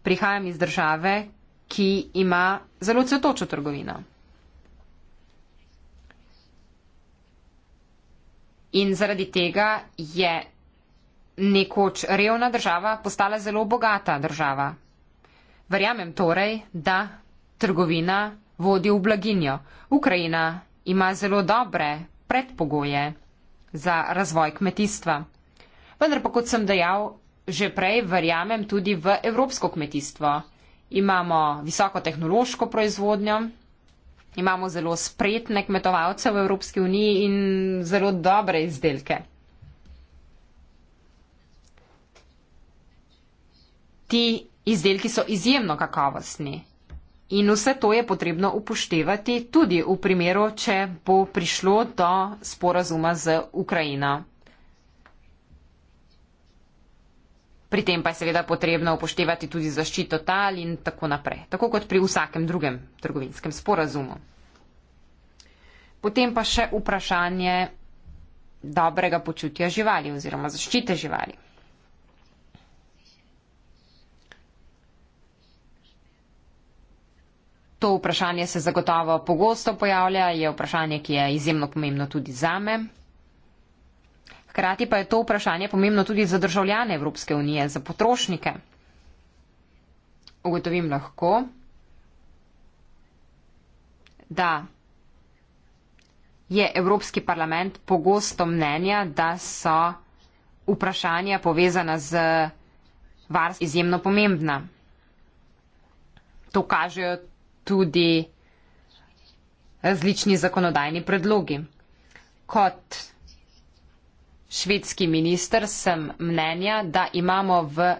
Speaker 2: Prihajam iz države, ki ima zelo cvetočo trgovino. In zaradi tega je nekoč revna država postala zelo bogata država. Verjamem torej, da trgovina vodi v blaginjo. Ukrajina ima zelo dobre predpogoje za razvoj kmetijstva. Vendar pa, kot sem dejal, že prej verjamem tudi v evropsko kmetijstvo. Imamo visoko tehnološko proizvodnjo, imamo zelo spretne kmetovalce v Evropski uniji in zelo dobre izdelke. Ti izdelki so izjemno kakovostni. In vse to je potrebno upoštevati tudi v primeru, če bo prišlo do sporazuma z Ukrajino. Pri tem pa je seveda potrebno upoštevati tudi zaščito tal in tako naprej, tako kot pri vsakem drugem trgovinskem sporazumu. Potem pa še vprašanje dobrega počutja živali oziroma zaščite živali. To vprašanje se zagotovo pogosto pojavlja, je vprašanje, ki je izjemno pomembno tudi zame. Hkrati pa je to vprašanje pomembno tudi za državljane Evropske unije, za potrošnike. Ugotovim lahko, da je Evropski parlament pogosto mnenja, da so vprašanja povezana z varstvom izjemno pomembna. To kažejo tudi različni zakonodajni predlogi. Kot švedski minister sem mnenja, da imamo v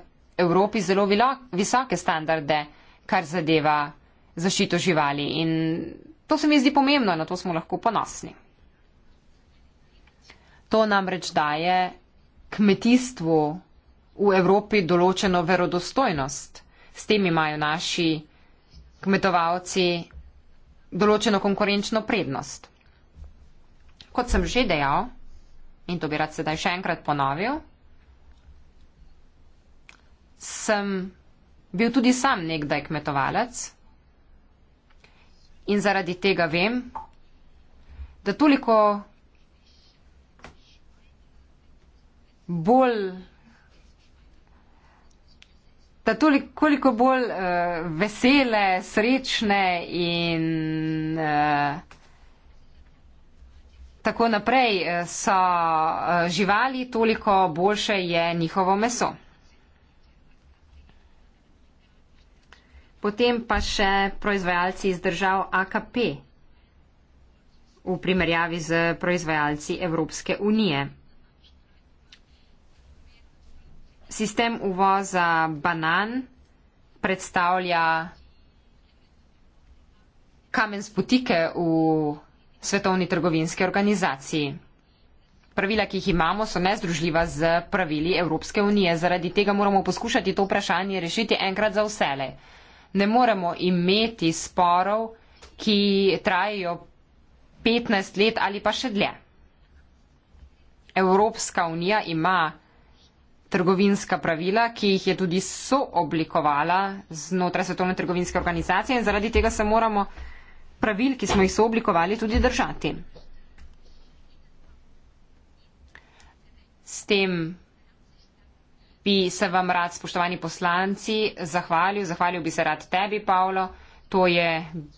Speaker 2: Evropi zelo visoke standarde, kar zadeva zašito živali. In to se mi zdi pomembno, na to smo lahko ponosni. To namreč daje kmetijstvu v Evropi določeno verodostojnost. S tem imajo naši kmetovalci določeno konkurenčno prednost. Kot sem že dejal, in to bi rad sedaj še enkrat ponovil, sem bil tudi sam nekdaj kmetovalec in zaradi tega vem, da toliko bolj sta toliko, koliko bolj uh, vesele, srečne in uh, tako naprej eh, so uh, živali, toliko boljše je njihovo meso. Potem pa še proizvajalci iz držav AKP v primerjavi z proizvajalci Evropske unije. sistem uvoza banan predstavlja kamen spotike v svetovni trgovinski organizaciji. Pravila, ki jih imamo, so nezdružljiva z pravili Evropske unije. Zaradi tega moramo poskušati to vprašanje rešiti enkrat za vsele. Ne moremo imeti sporov, ki trajajo 15 let ali pa še dlje. Evropska unija ima trgovinska pravila, ki jih je tudi sooblikovala znotraj Svetovne trgovinske organizacije in zaradi tega se moramo pravil, ki smo jih sooblikovali, tudi držati. S tem bi se vam rad, spoštovani poslanci, zahvalil, zahvalil bi se rad tebi, Paolo. To je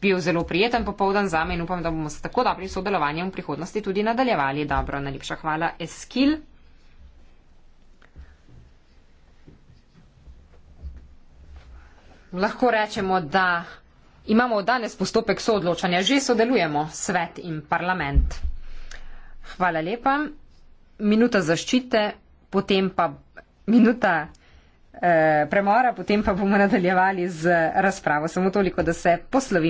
Speaker 2: bil zelo prijeten popovdan za me in upam, da bomo s tako dobrim sodelovanjem v prihodnosti tudi nadaljevali. Dobro, najlepša hvala. Eskil. Lahko rečemo, da imamo danes postopek soodločanja, že sodelujemo svet in parlament. Hvala lepa. Minuta zaščite, potem pa minuta eh, premora, potem pa bomo nadaljevali z razpravo. Samo toliko, da se poslovim.